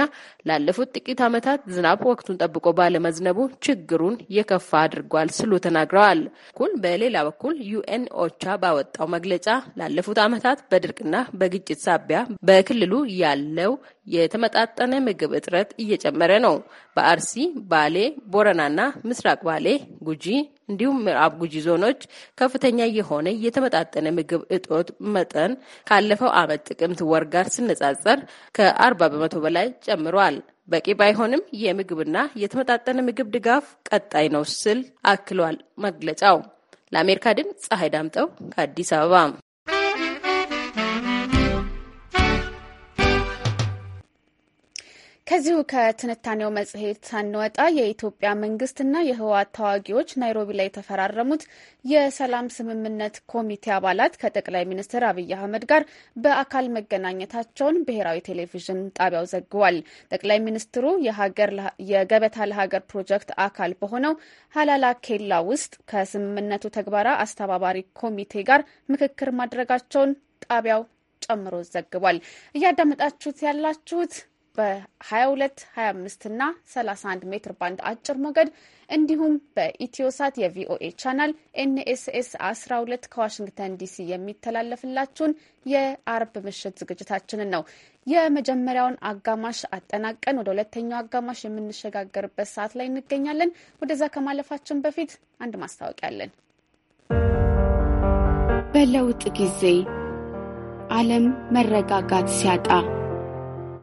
[SPEAKER 9] ላለፉት ጥቂት ዓመታት ዝናብ ወቅቱን ጠብቆ ባለመዝነቡ ችግሩን የከፋ አድርጓል ስሉ ተናግረዋል። ኩን በሌላ በኩል ዩኤን ኦቻ ባወጣው መግለጫ ላለፉት ዓመታት በድርቅና በግጭት ሳቢያ በክልሉ ያለው የተመጣጠነ ምግብ እጥረት እየጨመረ ነው። በአርሲ፣ ባሌ፣ ቦረናና ምስራቅ ባሌ፣ ጉጂ እንዲሁም ምዕራብ ጉጂ ዞኖች ከፍተኛ የሆነ የተመጣጠነ ምግብ እጦት መጠን ካለፈው ዓመት ጥቅምት ወር ጋር ሲነጻጸር ከአርባ በመቶ በላይ ጨምሯል። በቂ ባይሆንም የምግብና የተመጣጠነ ምግብ ድጋፍ ቀጣይ ነው ስል አክሏል መግለጫው። ለአሜሪካ ድምፅ ፀሐይ ዳምጠው ከአዲስ አበባ
[SPEAKER 1] ከዚሁ ከትንታኔው መጽሔት ሳንወጣ የኢትዮጵያ መንግስትና የህወሓት ተዋጊዎች ናይሮቢ ላይ የተፈራረሙት የሰላም ስምምነት ኮሚቴ አባላት ከጠቅላይ ሚኒስትር አብይ አህመድ ጋር በአካል መገናኘታቸውን ብሔራዊ ቴሌቪዥን ጣቢያው ዘግቧል። ጠቅላይ ሚኒስትሩ የገበታ ለሀገር ፕሮጀክት አካል በሆነው ሀላላ ኬላ ውስጥ ከስምምነቱ ተግባራ አስተባባሪ ኮሚቴ ጋር ምክክር ማድረጋቸውን ጣቢያው ጨምሮ ዘግቧል። እያዳመጣችሁት ያላችሁት በ22፣ 25 እና 31 ሜትር ባንድ አጭር ሞገድ እንዲሁም በኢትዮሳት የቪኦኤ ቻናል ኤንኤስኤስ 12 ከዋሽንግተን ዲሲ የሚተላለፍላችሁን የአርብ ምሽት ዝግጅታችንን ነው። የመጀመሪያውን አጋማሽ አጠናቀን ወደ ሁለተኛው አጋማሽ የምንሸጋገርበት ሰዓት ላይ እንገኛለን። ወደዛ ከማለፋችን በፊት አንድ ማስታወቂያ አለን። በለውጥ ጊዜ ዓለም መረጋጋት ሲያጣ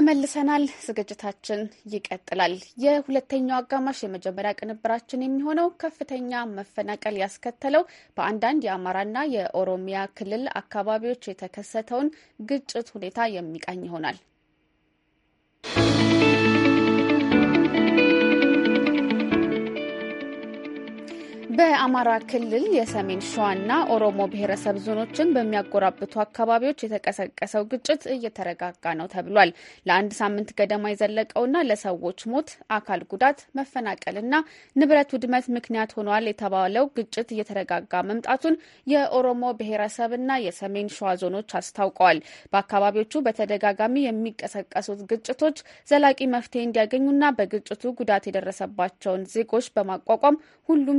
[SPEAKER 1] ተመልሰናል። ዝግጅታችን ይቀጥላል። የሁለተኛው አጋማሽ የመጀመሪያ ቅንብራችን የሚሆነው ከፍተኛ መፈናቀል ያስከተለው በአንዳንድ የአማራና የኦሮሚያ ክልል አካባቢዎች የተከሰተውን ግጭት ሁኔታ የሚቃኝ ይሆናል። በአማራ ክልል የሰሜን ሸዋና ኦሮሞ ብሔረሰብ ዞኖችን በሚያጎራብቱ አካባቢዎች የተቀሰቀሰው ግጭት እየተረጋጋ ነው ተብሏል። ለአንድ ሳምንት ገደማ የዘለቀውና ለሰዎች ሞት፣ አካል ጉዳት፣ መፈናቀልና ንብረት ውድመት ምክንያት ሆኗል የተባለው ግጭት እየተረጋጋ መምጣቱን የኦሮሞ ብሔረሰብና የሰሜን ሸዋ ዞኖች አስታውቀዋል። በአካባቢዎቹ በተደጋጋሚ የሚቀሰቀሱት ግጭቶች ዘላቂ መፍትሄ እንዲያገኙና በግጭቱ ጉዳት የደረሰባቸውን ዜጎች በማቋቋም ሁሉም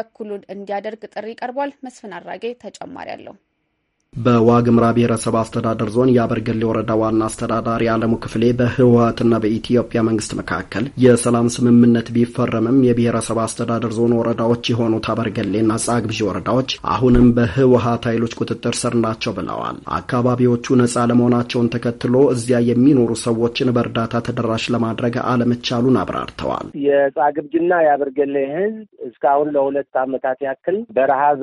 [SPEAKER 1] የበኩሉን እንዲያደርግ ጥሪ ቀርቧል። መስፍን አራጌ ተጨማሪ አለው።
[SPEAKER 11] በዋግምራ ብሔረሰብ አስተዳደር ዞን የአበርገሌ ወረዳ ዋና አስተዳዳሪ አለሙ ክፍሌ በህወሀትና በኢትዮጵያ መንግስት መካከል የሰላም ስምምነት ቢፈረምም የብሔረሰብ አስተዳደር ዞን ወረዳዎች የሆኑት አበርገሌና ጻግብዥ ወረዳዎች አሁንም በህወሀት ኃይሎች ቁጥጥር ስር ናቸው ብለዋል። አካባቢዎቹ ነጻ ለመሆናቸውን ተከትሎ እዚያ የሚኖሩ ሰዎችን በእርዳታ ተደራሽ ለማድረግ አለመቻሉን አብራርተዋል።
[SPEAKER 4] የጻግብጅና የአበርገሌ ህዝብ እስካሁን ለሁለት ዓመታት ያክል በረሃብ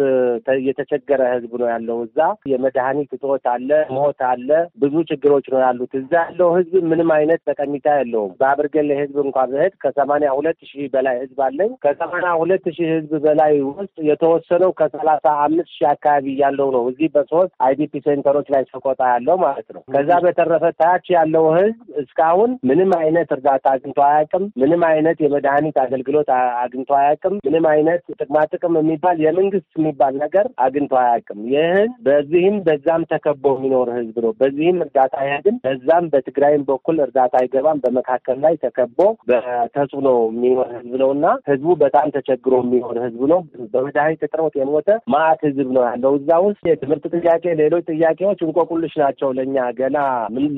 [SPEAKER 4] የተቸገረ ህዝብ ነው ያለው እዛ የመድኃኒት እጦት አለ፣ ሞት አለ፣ ብዙ ችግሮች ነው ያሉት። እዛ ያለው ህዝብ ምንም አይነት ጠቀሜታ የለውም። በአብርገሌ ህዝብ እንኳ ብህድ ከሰማንያ ሁለት ሺህ በላይ ህዝብ አለኝ። ከሰማንያ ሁለት ሺህ ህዝብ በላይ ውስጥ የተወሰነው ከሰላሳ አምስት ሺህ አካባቢ ያለው ነው። እዚህ በሶስት አይዲፒ ሴንተሮች ላይ ሰቆጣ ያለው ማለት ነው። ከዛ በተረፈ ታች ያለው ህዝብ እስካሁን ምንም አይነት እርዳታ አግኝቶ አያውቅም። ምንም አይነት የመድኃኒት አገልግሎት አግኝቶ አያውቅም። ምንም አይነት ጥቅማጥቅም የሚባል የመንግስት የሚባል ነገር አግኝቶ አያውቅም። ይህን በዚህ በዚህም በዛም ተከቦ የሚኖር ህዝብ ነው። በዚህም እርዳታ አያድም፣ በዛም በትግራይም በኩል እርዳታ አይገባም። በመካከል ላይ ተከቦ በተጽዕኖ የሚኖር ህዝብ ነው እና ህዝቡ በጣም ተቸግሮ የሚኖር ህዝብ ነው። በመድኃኒት እጥረት የሞተ ማአት ህዝብ ነው ያለው እዛ ውስጥ። የትምህርት ጥያቄ፣ ሌሎች ጥያቄዎች እንቆቁልሽ ናቸው ለእኛ ገና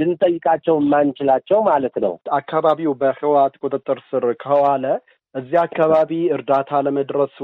[SPEAKER 11] ልንጠይቃቸው የማንችላቸው ማለት ነው። አካባቢው በህወሓት ቁጥጥር ስር ከዋለ እዚያ አካባቢ እርዳታ ለመድረሱ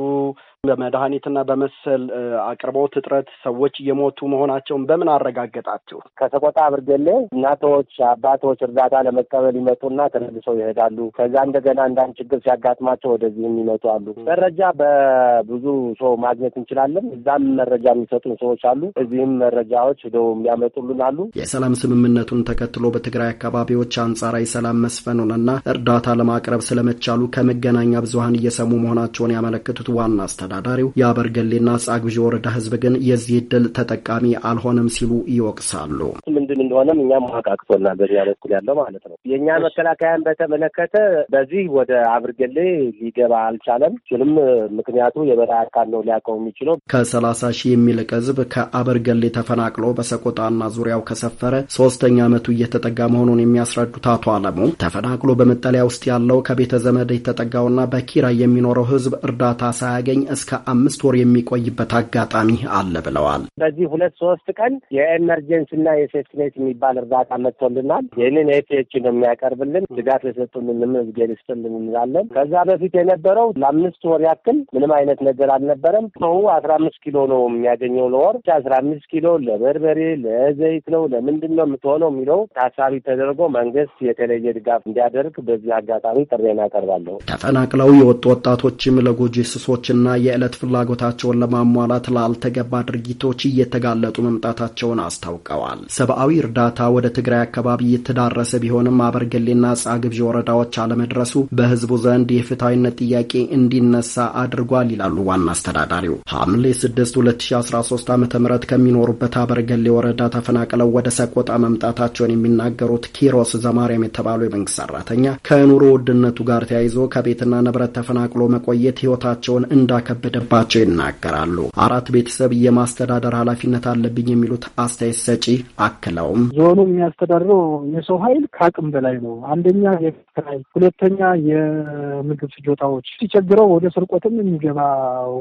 [SPEAKER 11] በመድኃኒትና በመሰል አቅርቦት እጥረት ሰዎች እየሞቱ መሆናቸውን በምን አረጋገጣችሁ?
[SPEAKER 4] ከሰቆጣ ብርጌሌ እናቶች፣ አባቶች እርዳታ ለመቀበል ይመጡና ተመልሰው ይሄዳሉ። ከዛ እንደገና አንዳንድ ችግር ሲያጋጥማቸው
[SPEAKER 11] ወደዚህም ይመጡ አሉ።
[SPEAKER 4] መረጃ በብዙ ሰው ማግኘት እንችላለን። እዛም መረጃ የሚሰጡን ሰዎች አሉ፣ እዚህም መረጃዎች ሄደው የሚያመጡልን አሉ።
[SPEAKER 11] የሰላም ስምምነቱን ተከትሎ በትግራይ አካባቢዎች አንጻራዊ ሰላም መስፈኑንና እርዳታ ለማቅረብ ስለመቻሉ ከመገ መገናኛ ብዙሀን እየሰሙ መሆናቸውን ያመለክቱት ዋና አስተዳዳሪው የአበርገሌና ጻግብዥ ወረዳ ህዝብ ግን የዚህ እድል ተጠቃሚ አልሆነም ሲሉ ይወቅሳሉ።
[SPEAKER 4] ምንድን እንደሆነም እኛ ማቃቅቶና
[SPEAKER 11] በዚያ በኩል ያለው ማለት ነው።
[SPEAKER 4] የእኛ መከላከያን በተመለከተ በዚህ ወደ አብርገሌ ሊገባ አልቻለም ችልም ምክንያቱ የበላይ አካል ነው ሊያውቀው የሚችለው።
[SPEAKER 11] ከሰላሳ ሺህ የሚልቅ ህዝብ ከአበርገሌ ተፈናቅሎ በሰቆጣና ዙሪያው ከሰፈረ ሶስተኛ ዓመቱ እየተጠጋ መሆኑን የሚያስረዱት አቶ አለሙ ተፈናቅሎ በመጠለያ ውስጥ ያለው ከቤተ ዘመድ የተጠጋው በሚሰራውና በኪራይ የሚኖረው ህዝብ እርዳታ ሳያገኝ እስከ አምስት ወር የሚቆይበት አጋጣሚ አለ ብለዋል።
[SPEAKER 4] በዚህ ሁለት ሶስት ቀን የኤመርጀንሲና የሴፍትኔት የሚባል እርዳታ መጥቶልናል። ይህንን ኤፒኤች ነው የሚያቀርብልን። ድጋፍ የሰጡልንም እግዜር ይስጥልን እንላለን። ከዛ በፊት የነበረው ለአምስት ወር ያክል ምንም አይነት ነገር አልነበረም። ሰው አስራ አምስት ኪሎ ነው የሚያገኘው ለወር። አስራ አምስት ኪሎ ለበርበሬ ለዘይት ነው ለምንድን ነው የምትሆነው የሚለው ታሳቢ ተደርጎ መንግስት የተለየ ድጋፍ እንዲያደርግ በዚህ አጋጣሚ ጥሪ እናቀርባለሁ።
[SPEAKER 11] ተፈናቅለው የወጡ ወጣቶችም ለጎጂ ስሶችና የዕለት ፍላጎታቸውን ለማሟላት ላልተገባ ድርጊቶች እየተጋለጡ መምጣታቸውን አስታውቀዋል። ሰብአዊ እርዳታ ወደ ትግራይ አካባቢ እየተዳረሰ ቢሆንም አበርገሌና ጻግብዥ ወረዳዎች አለመድረሱ በህዝቡ ዘንድ የፍትሐዊነት ጥያቄ እንዲነሳ አድርጓል ይላሉ ዋና አስተዳዳሪው። ሐምሌ 6 2013 ዓ ም ከሚኖሩበት አበርገሌ ወረዳ ተፈናቅለው ወደ ሰቆጣ መምጣታቸውን የሚናገሩት ኪሮስ ዘማርያም የተባሉ የመንግስት ሰራተኛ ከኑሮ ውድነቱ ጋር ተያይዞ ከቤተ ከቤትና ንብረት ተፈናቅሎ መቆየት ህይወታቸውን እንዳከበደባቸው ይናገራሉ። አራት ቤተሰብ የማስተዳደር ኃላፊነት አለብኝ የሚሉት አስተያየት ሰጪ አክለውም ዞኑ የሚያስተዳድረው የሰው ኃይል ከአቅም በላይ ነው። አንደኛ የክራይ፣ ሁለተኛ የምግብ
[SPEAKER 5] ፍጆታዎች ሲቸግረው ወደ ስርቆትም የሚገባ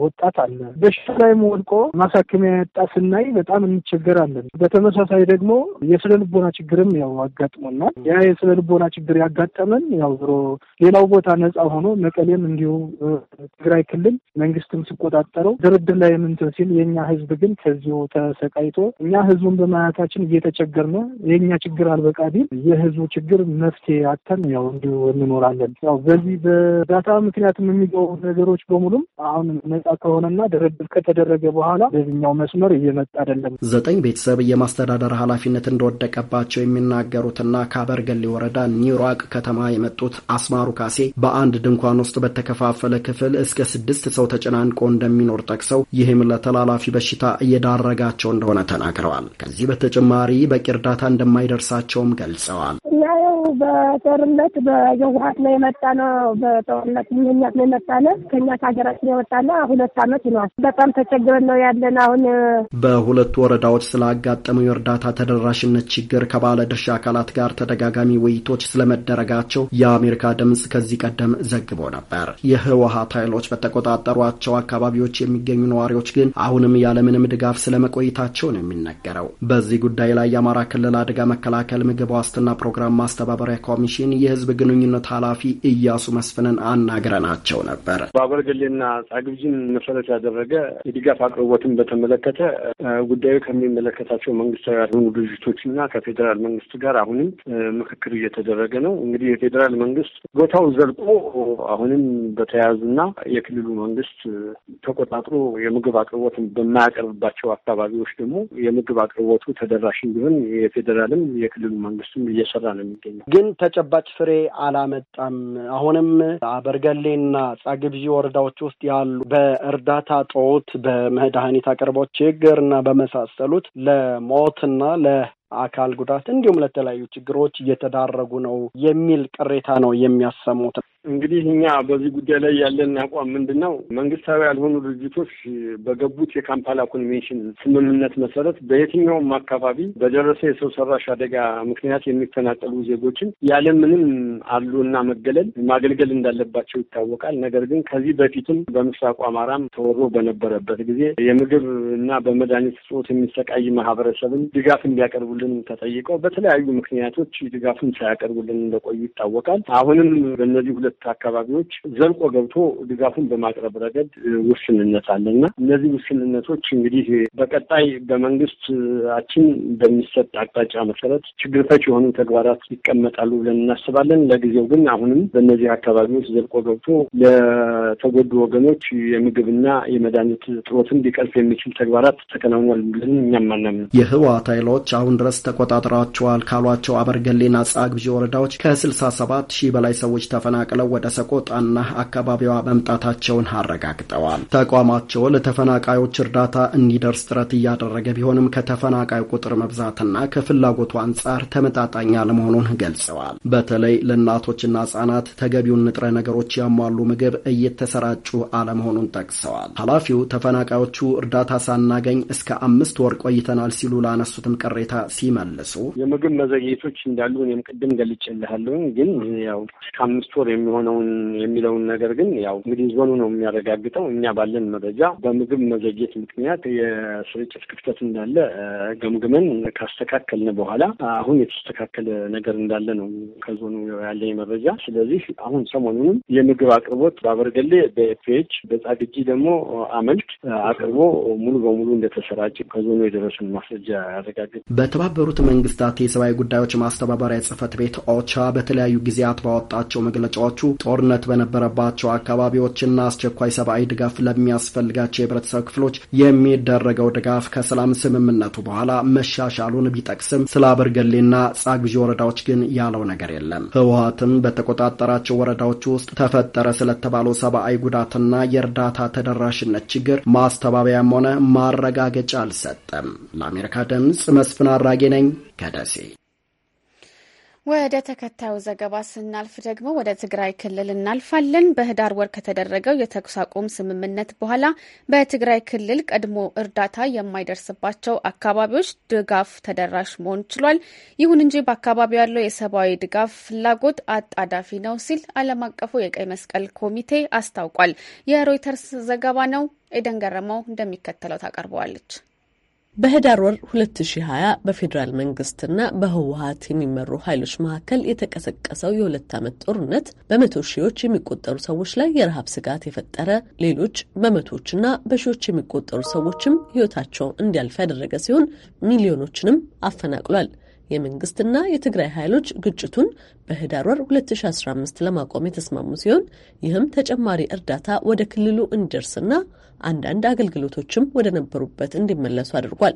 [SPEAKER 5] ወጣት አለ። በሽታ ላይም ወድቆ ማሳከሚያ ያጣ ስናይ በጣም እንቸገራለን። በተመሳሳይ ደግሞ የስነ ልቦና ችግርም ያው አጋጥሞናል። ያ የስነ ልቦና ችግር ያጋጠመን ያው ዞሮ ሌላው ቦታ ነጻ ሆኖ መቀሌም እንዲሁ ትግራይ ክልል መንግስትም ሲቆጣጠረው ድርድር ላይ የምንትን ሲል የእኛ ህዝብ ግን ከዚሁ ተሰቃይቶ እኛ ህዝቡን በማያታችን እየተቸገር ነው። የእኛ ችግር አልበቃ ቢል የህዝቡ ችግር መፍትሄ አተን ያው እንዲሁ እንኖራለን። ያው በዚህ በዳታ ምክንያትም የሚገቡ ነገሮች በሙሉም አሁን ነጻ ከሆነና ድርድር ከተደረገ በኋላ በዚኛው
[SPEAKER 11] መስመር እየመጣ አይደለም። ዘጠኝ ቤተሰብ የማስተዳደር ኃላፊነት እንደወደቀባቸው የሚናገሩትና ከአበርገሌ ወረዳ ኒሯቅ ከተማ የመጡት አስማሩ ካሴ በአንድ ድንኳ ድንኳን ውስጥ በተከፋፈለ ክፍል እስከ ስድስት ሰው ተጨናንቆ እንደሚኖር ጠቅሰው ይህም ለተላላፊ በሽታ እየዳረጋቸው እንደሆነ ተናግረዋል። ከዚህ በተጨማሪ በቂ እርዳታ እንደማይደርሳቸውም ገልጸዋል።
[SPEAKER 4] ያው በጦርነት በየውሀት ነው የመጣ ነው። በጦርነት ምኛት ነው የመጣ ነው። ከኛ ከሀገራችን የወጣ ነው። ሁለት አመት ይኗል። በጣም ተቸግረን ነው ያለን። አሁን
[SPEAKER 11] በሁለቱ ወረዳዎች ስላጋጠመው የእርዳታ ተደራሽነት ችግር ከባለ ድርሻ አካላት ጋር ተደጋጋሚ ውይይቶች ስለመደረጋቸው የአሜሪካ ድምጽ ከዚህ ቀደም ዘግ ተመዝግቦ ነበር። የህወሀት ኃይሎች በተቆጣጠሯቸው አካባቢዎች የሚገኙ ነዋሪዎች ግን አሁንም ያለምንም ድጋፍ ስለመቆየታቸው ነው የሚነገረው። በዚህ ጉዳይ ላይ የአማራ ክልል አደጋ መከላከል ምግብ ዋስትና ፕሮግራም ማስተባበሪያ ኮሚሽን የህዝብ ግንኙነት ኃላፊ እያሱ መስፍንን አናግረናቸው ነበር።
[SPEAKER 5] በአበርገሌና ጻግብጅን መሰረት ያደረገ የድጋፍ አቅርቦትን በተመለከተ ጉዳዩ ከሚመለከታቸው መንግስታዊ ያልሆኑ ድርጅቶችና ከፌዴራል መንግስት ጋር አሁንም ምክክር እየተደረገ ነው። እንግዲህ የፌዴራል መንግስት ቦታውን ዘልቆ አሁንም በተያያዙና የክልሉ መንግስት ተቆጣጥሮ የምግብ አቅርቦትን በማያቀርብባቸው አካባቢዎች ደግሞ የምግብ አቅርቦቱ ተደራሽ እንዲሆን የፌዴራልም የክልሉ መንግስትም እየሰራ ነው የሚገኘው።
[SPEAKER 11] ግን ተጨባጭ ፍሬ አላመጣም። አሁንም አበርገሌና ጻግብዢ ወረዳዎች ውስጥ ያሉ በእርዳታ ጦት፣ በመድኃኒት አቅርቦት ችግር እና በመሳሰሉት ለሞትና አካል ጉዳት እንዲሁም ለተለያዩ ችግሮች እየተዳረጉ ነው የሚል ቅሬታ ነው የሚያሰሙት።
[SPEAKER 5] እንግዲህ እኛ በዚህ ጉዳይ ላይ ያለን አቋም ምንድን ነው? መንግስታዊ ያልሆኑ ድርጅቶች በገቡት የካምፓላ ኮንቬንሽን ስምምነት መሰረት በየትኛውም አካባቢ በደረሰ የሰው ሰራሽ አደጋ ምክንያት የሚፈናቀሉ ዜጎችን ያለምንም አሉና መገለል ማገልገል እንዳለባቸው ይታወቃል። ነገር ግን ከዚህ በፊትም በምስራቁ አማራም ተወሮ በነበረበት ጊዜ የምግብ እና በመድኃኒት እጦት የሚሰቃይ ማህበረሰብን ድጋፍ እንዲያቀርቡ እንዲያቀርቡልን ተጠይቀው በተለያዩ ምክንያቶች ድጋፉን ሳያቀርቡልን እንደቆዩ ይታወቃል። አሁንም በእነዚህ ሁለት አካባቢዎች ዘልቆ ገብቶ ድጋፉን በማቅረብ ረገድ ውስንነት አለና እነዚህ ውስንነቶች እንግዲህ በቀጣይ በመንግስታችን በሚሰጥ አቅጣጫ መሰረት ችግር ፈች የሆኑ ተግባራት ይቀመጣሉ ብለን እናስባለን። ለጊዜው ግን አሁንም በእነዚህ አካባቢዎች ዘልቆ ገብቶ ለተጎዱ ወገኖች የምግብና የመድኃኒት ጥሮትን ሊቀርፍ የሚችል ተግባራት ተከናውኗል ብለን እኛም አናምንም።
[SPEAKER 11] የህወሓት ኃይሎች አሁን ድረስ ተቆጣጥረዋቸዋል ካሏቸው አበርገሌና ጻግብጂ ወረዳዎች ከ67 ሺህ በላይ ሰዎች ተፈናቅለው ወደ ሰቆጣና አካባቢዋ መምጣታቸውን አረጋግጠዋል። ተቋማቸው ለተፈናቃዮች እርዳታ እንዲደርስ ጥረት እያደረገ ቢሆንም ከተፈናቃይ ቁጥር መብዛትና ከፍላጎቱ አንጻር ተመጣጣኝ አለመሆኑን ገልጸዋል። በተለይ ለእናቶችና ህጻናት ተገቢውን ንጥረ ነገሮች ያሟሉ ምግብ እየተሰራጩ አለመሆኑን ጠቅሰዋል። ኃላፊው ተፈናቃዮቹ እርዳታ ሳናገኝ እስከ አምስት ወር ቆይተናል ሲሉ ላነሱትም ቅሬታ ሲመልሱ
[SPEAKER 5] የምግብ መዘግየቶች እንዳሉ እኔም ቅድም ገልጬልሃለሁ። ግን ያው ከአምስት ወር የሚሆነውን የሚለውን ነገር ግን ያው እንግዲህ ዞኑ ነው የሚያረጋግጠው። እኛ ባለን መረጃ በምግብ መዘግየት ምክንያት የስርጭት ክፍተት እንዳለ ገምግመን ካስተካከልን በኋላ አሁን የተስተካከለ ነገር እንዳለ ነው ከዞኑ ያለኝ መረጃ። ስለዚህ አሁን ሰሞኑንም የምግብ አቅርቦት በአበርገሌ በኤፍኤች በጻድጂ ደግሞ አመልክ አቅርቦ ሙሉ በሙሉ እንደተሰራጭ ከዞኑ የደረሱን ማስረጃ ያረጋግጥ
[SPEAKER 11] የተባበሩት መንግስታት የሰብአዊ ጉዳዮች ማስተባበሪያ ጽህፈት ቤት ኦቻ በተለያዩ ጊዜያት ባወጣቸው መግለጫዎቹ ጦርነት በነበረባቸው አካባቢዎችና አስቸኳይ ሰብአዊ ድጋፍ ለሚያስፈልጋቸው የህብረተሰብ ክፍሎች የሚደረገው ድጋፍ ከሰላም ስምምነቱ በኋላ መሻሻሉን ቢጠቅስም ስለ አበርገሌና ጻግብዢ ወረዳዎች ግን ያለው ነገር የለም። ህወሀትም በተቆጣጠራቸው ወረዳዎች ውስጥ ተፈጠረ ስለተባለው ሰብአዊ ጉዳትና የእርዳታ ተደራሽነት ችግር ማስተባበያም ሆነ ማረጋገጫ አልሰጠም። ለአሜሪካ ድምጽ መስፍን አራ አራጌ ነኝ ከደሴ።
[SPEAKER 1] ወደ ተከታዩ ዘገባ ስናልፍ ደግሞ ወደ ትግራይ ክልል እናልፋለን። በህዳር ወር ከተደረገው የተኩስ አቁም ስምምነት በኋላ በትግራይ ክልል ቀድሞ እርዳታ የማይደርስባቸው አካባቢዎች ድጋፍ ተደራሽ መሆን ችሏል። ይሁን እንጂ በአካባቢው ያለው የሰብአዊ ድጋፍ ፍላጎት አጣዳፊ ነው ሲል ዓለም አቀፉ የቀይ መስቀል ኮሚቴ አስታውቋል። የሮይተርስ ዘገባ ነው። ኤደን ገረመው እንደሚከተለው ታቀርበዋለች።
[SPEAKER 12] በህዳር ወር 2020 በፌዴራል መንግስትና በህወሀት የሚመሩ ኃይሎች መካከል የተቀሰቀሰው የሁለት ዓመት ጦርነት በመቶ ሺዎች የሚቆጠሩ ሰዎች ላይ የረሃብ ስጋት የፈጠረ ሌሎች በመቶዎችና በሺዎች የሚቆጠሩ ሰዎችም ህይወታቸው እንዲያልፍ ያደረገ ሲሆን ሚሊዮኖችንም አፈናቅሏል። የመንግስትና የትግራይ ኃይሎች ግጭቱን በህዳር ወር 2015 ለማቆም የተስማሙ ሲሆን ይህም ተጨማሪ እርዳታ ወደ ክልሉ እንዲደርስና አንዳንድ አገልግሎቶችም ወደ ነበሩበት እንዲመለሱ አድርጓል።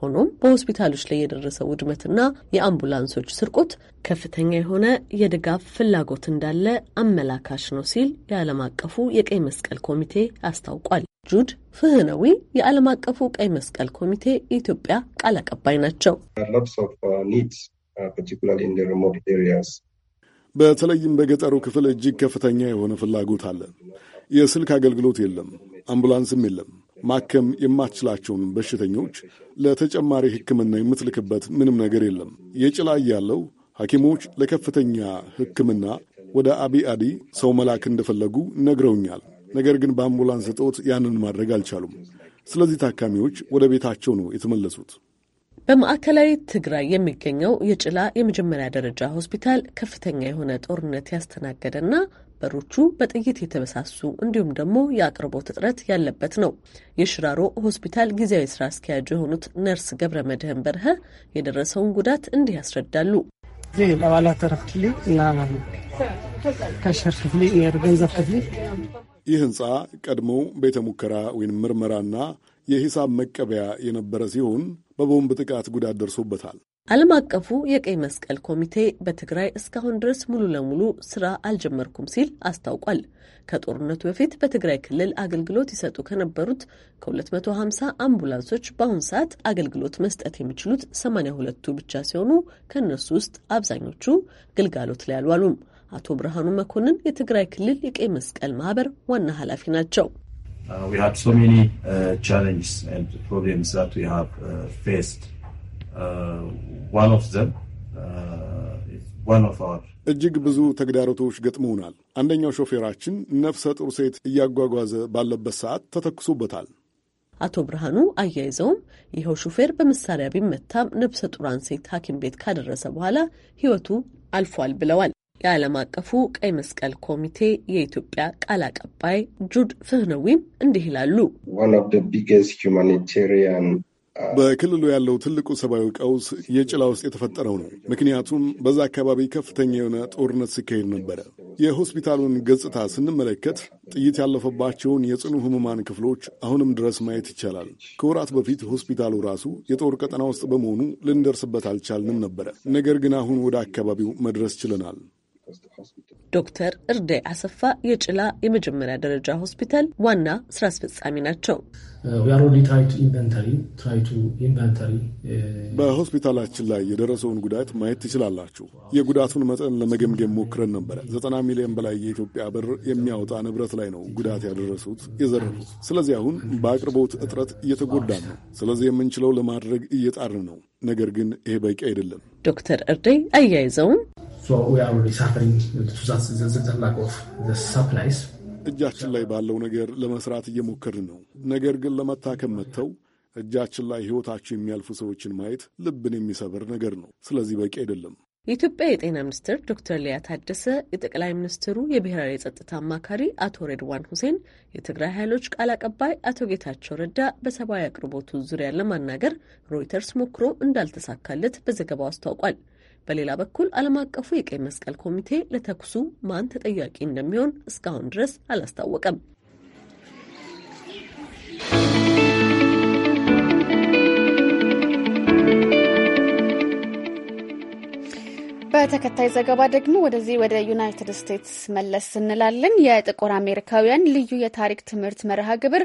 [SPEAKER 12] ሆኖም በሆስፒታሎች ላይ የደረሰው ውድመትና የአምቡላንሶች ስርቆት ከፍተኛ የሆነ የድጋፍ ፍላጎት እንዳለ አመላካሽ ነው ሲል የዓለም አቀፉ የቀይ መስቀል ኮሚቴ አስታውቋል። ጁድ ፍህነዊ የዓለም አቀፉ ቀይ መስቀል ኮሚቴ የኢትዮጵያ ቃል አቀባይ ናቸው።
[SPEAKER 13] uh, uh, በተለይም በገጠሩ ክፍል እጅግ ከፍተኛ የሆነ ፍላጎት አለ። የስልክ አገልግሎት የለም፣ አምቡላንስም የለም። ማከም የማትችላቸውን በሽተኞች ለተጨማሪ ሕክምና የምትልክበት ምንም ነገር የለም። የጭላ ያለው ሐኪሞች ለከፍተኛ ሕክምና ወደ አቢ አዲ ሰው መላክ እንደፈለጉ ነግረውኛል። ነገር ግን በአምቡላንስ እጦት ያንን ማድረግ አልቻሉም። ስለዚህ ታካሚዎች ወደ ቤታቸው ነው የተመለሱት።
[SPEAKER 12] በማዕከላዊ ትግራይ የሚገኘው የጭላ የመጀመሪያ ደረጃ ሆስፒታል ከፍተኛ የሆነ ጦርነት ያስተናገደና በሮቹ በጥይት የተበሳሱ እንዲሁም ደግሞ የአቅርቦት እጥረት ያለበት ነው። የሽራሮ ሆስፒታል ጊዜያዊ ስራ አስኪያጅ የሆኑት ነርስ ገብረ መድህን በርሀ የደረሰውን ጉዳት እንዲህ ያስረዳሉ።
[SPEAKER 13] ይህ ህንፃ ቀድሞ ቤተ ሙከራ ወይም ምርመራና የሂሳብ መቀበያ የነበረ ሲሆን በቦምብ ጥቃት ጉዳት ደርሶበታል።
[SPEAKER 12] ዓለም አቀፉ የቀይ መስቀል ኮሚቴ በትግራይ እስካሁን ድረስ ሙሉ ለሙሉ ስራ አልጀመርኩም ሲል አስታውቋል። ከጦርነቱ በፊት በትግራይ ክልል አገልግሎት ይሰጡ ከነበሩት ከ250 አምቡላንሶች በአሁኑ ሰዓት አገልግሎት መስጠት የሚችሉት 82ቱ ብቻ ሲሆኑ ከእነሱ ውስጥ አብዛኞቹ ግልጋሎት ላይ አልዋሉም። አቶ ብርሃኑ መኮንን የትግራይ ክልል የቀይ መስቀል ማህበር ዋና ኃላፊ ናቸው።
[SPEAKER 14] Uh, we had so many uh, challenges and problems that we
[SPEAKER 13] have uh, faced. Uh, one of them uh, is one of our እጅግ ብዙ ተግዳሮቶች ገጥመውናል። አንደኛው ሾፌራችን ነፍሰ ጡር ሴት እያጓጓዘ ባለበት ሰዓት ተተኩሶበታል።
[SPEAKER 12] አቶ ብርሃኑ አያይዘውም ይኸው ሹፌር በመሳሪያ ቢመታም ነፍሰ ጡሯን ሴት ሐኪም ቤት ካደረሰ በኋላ ሕይወቱ አልፏል ብለዋል። የዓለም አቀፉ ቀይ መስቀል ኮሚቴ የኢትዮጵያ ቃል አቀባይ ጁድ ፍህነዊም እንዲህ ይላሉ።
[SPEAKER 13] uh, በክልሉ ያለው ትልቁ ሰብአዊ ቀውስ የጭላ ውስጥ የተፈጠረው ነው። ምክንያቱም በዛ አካባቢ ከፍተኛ የሆነ ጦርነት ሲካሄድ ነበረ። የሆስፒታሉን ገጽታ ስንመለከት ጥይት ያለፈባቸውን የጽኑ ህሙማን ክፍሎች አሁንም ድረስ ማየት ይቻላል። ከወራት በፊት ሆስፒታሉ ራሱ የጦር ቀጠና ውስጥ በመሆኑ ልንደርስበት አልቻልንም ነበረ። ነገር ግን አሁን ወደ አካባቢው መድረስ ችለናል።
[SPEAKER 12] ዶክተር እርዳይ አሰፋ የጭላ የመጀመሪያ ደረጃ ሆስፒታል ዋና ስራ አስፈጻሚ ናቸው።
[SPEAKER 13] Uh, uh, በሆስፒታላችን ላይ የደረሰውን ጉዳት ማየት ትችላላችሁ። የጉዳቱን መጠን ለመገምገም ሞክረን ነበረ። ዘጠና ሚሊዮን በላይ የኢትዮጵያ ብር የሚያወጣ ንብረት ላይ ነው ጉዳት ያደረሱት የዘረፉት። ስለዚህ አሁን በአቅርቦት እጥረት እየተጎዳን ነው። ስለዚህ የምንችለው ለማድረግ እየጣርን ነው። ነገር ግን ይሄ በቂ አይደለም።
[SPEAKER 12] ዶክተር እርዴ አያይዘውም
[SPEAKER 13] እጃችን ላይ ባለው ነገር ለመስራት እየሞከርን ነው። ነገር ግን ለመታከም መጥተው እጃችን ላይ ሕይወታቸው የሚያልፉ ሰዎችን ማየት ልብን የሚሰብር ነገር ነው። ስለዚህ በቂ አይደለም።
[SPEAKER 12] የኢትዮጵያ የጤና ሚኒስትር ዶክተር ሊያ ታደሰ፣ የጠቅላይ ሚኒስትሩ የብሔራዊ የጸጥታ አማካሪ አቶ ሬድዋን ሁሴን፣ የትግራይ ኃይሎች ቃል አቀባይ አቶ ጌታቸው ረዳ በሰብአዊ አቅርቦቱ ዙሪያ ለማናገር ሮይተርስ ሞክሮ እንዳልተሳካለት በዘገባው አስታውቋል። በሌላ በኩል ዓለም አቀፉ የቀይ መስቀል ኮሚቴ ለተኩሱ ማን ተጠያቂ እንደሚሆን እስካሁን ድረስ አላስታወቀም።
[SPEAKER 1] በተከታይ ዘገባ ደግሞ ወደዚህ ወደ ዩናይትድ ስቴትስ መለስ እንላለን። የጥቁር አሜሪካውያን ልዩ የታሪክ ትምህርት መርሃ ግብር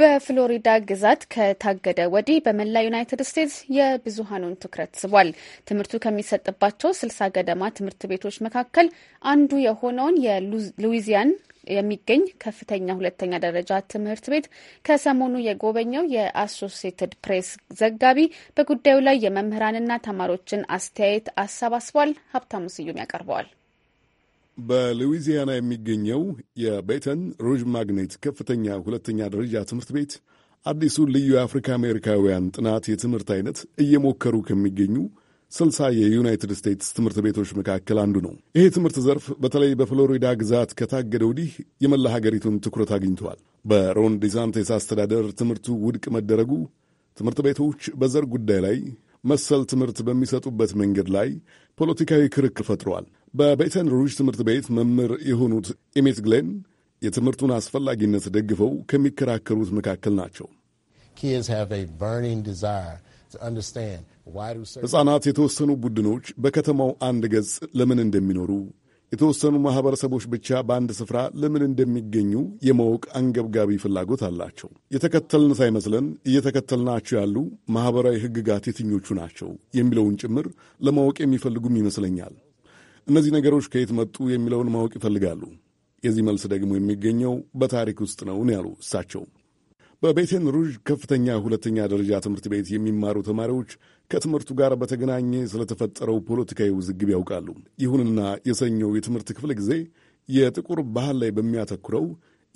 [SPEAKER 1] በፍሎሪዳ ግዛት ከታገደ ወዲህ በመላ ዩናይትድ ስቴትስ የብዙሀኑን ትኩረት ስቧል። ትምህርቱ ከሚሰጥባቸው ስልሳ ገደማ ትምህርት ቤቶች መካከል አንዱ የሆነውን የሉዊዚያን የሚገኝ ከፍተኛ ሁለተኛ ደረጃ ትምህርት ቤት ከሰሞኑ የጎበኘው የአሶሲየትድ ፕሬስ ዘጋቢ በጉዳዩ ላይ የመምህራንና ተማሪዎችን አስተያየት አሰባስቧል። ሀብታሙ ስዩም ያቀርበዋል።
[SPEAKER 13] በሉዊዚያና የሚገኘው የቤተን ሩዥ ማግኔት ከፍተኛ ሁለተኛ ደረጃ ትምህርት ቤት አዲሱ ልዩ የአፍሪካ አሜሪካውያን ጥናት የትምህርት አይነት እየሞከሩ ከሚገኙ ስልሳ የዩናይትድ ስቴትስ ትምህርት ቤቶች መካከል አንዱ ነው። ይሄ ትምህርት ዘርፍ በተለይ በፍሎሪዳ ግዛት ከታገደ ወዲህ የመላ ሀገሪቱን ትኩረት አግኝተዋል። በሮን ዲሳንቴስ አስተዳደር ትምህርቱ ውድቅ መደረጉ ትምህርት ቤቶች በዘር ጉዳይ ላይ መሰል ትምህርት በሚሰጡበት መንገድ ላይ ፖለቲካዊ ክርክር ፈጥረዋል። በቤተን ሩጅ ትምህርት ቤት መምህር የሆኑት ኤሜት ግሌን የትምህርቱን አስፈላጊነት ደግፈው ከሚከራከሩት መካከል ናቸው። ሕፃናት የተወሰኑ ቡድኖች በከተማው አንድ ገጽ ለምን እንደሚኖሩ የተወሰኑ ማኅበረሰቦች ብቻ በአንድ ስፍራ ለምን እንደሚገኙ የማወቅ አንገብጋቢ ፍላጎት አላቸው። የተከተልን ሳይመስለን እየተከተልናቸው ያሉ ማኅበራዊ ሕግጋት የትኞቹ ናቸው የሚለውን ጭምር ለማወቅ የሚፈልጉም ይመስለኛል። እነዚህ ነገሮች ከየት መጡ የሚለውን ማወቅ ይፈልጋሉ። የዚህ መልስ ደግሞ የሚገኘው በታሪክ ውስጥ ነው ያሉ እሳቸው በቤቴን ሩዥ ከፍተኛ ሁለተኛ ደረጃ ትምህርት ቤት የሚማሩ ተማሪዎች ከትምህርቱ ጋር በተገናኘ ስለተፈጠረው ፖለቲካዊ ውዝግብ ያውቃሉ። ይሁንና የሰኞው የትምህርት ክፍለ ጊዜ የጥቁር ባህል ላይ በሚያተኩረው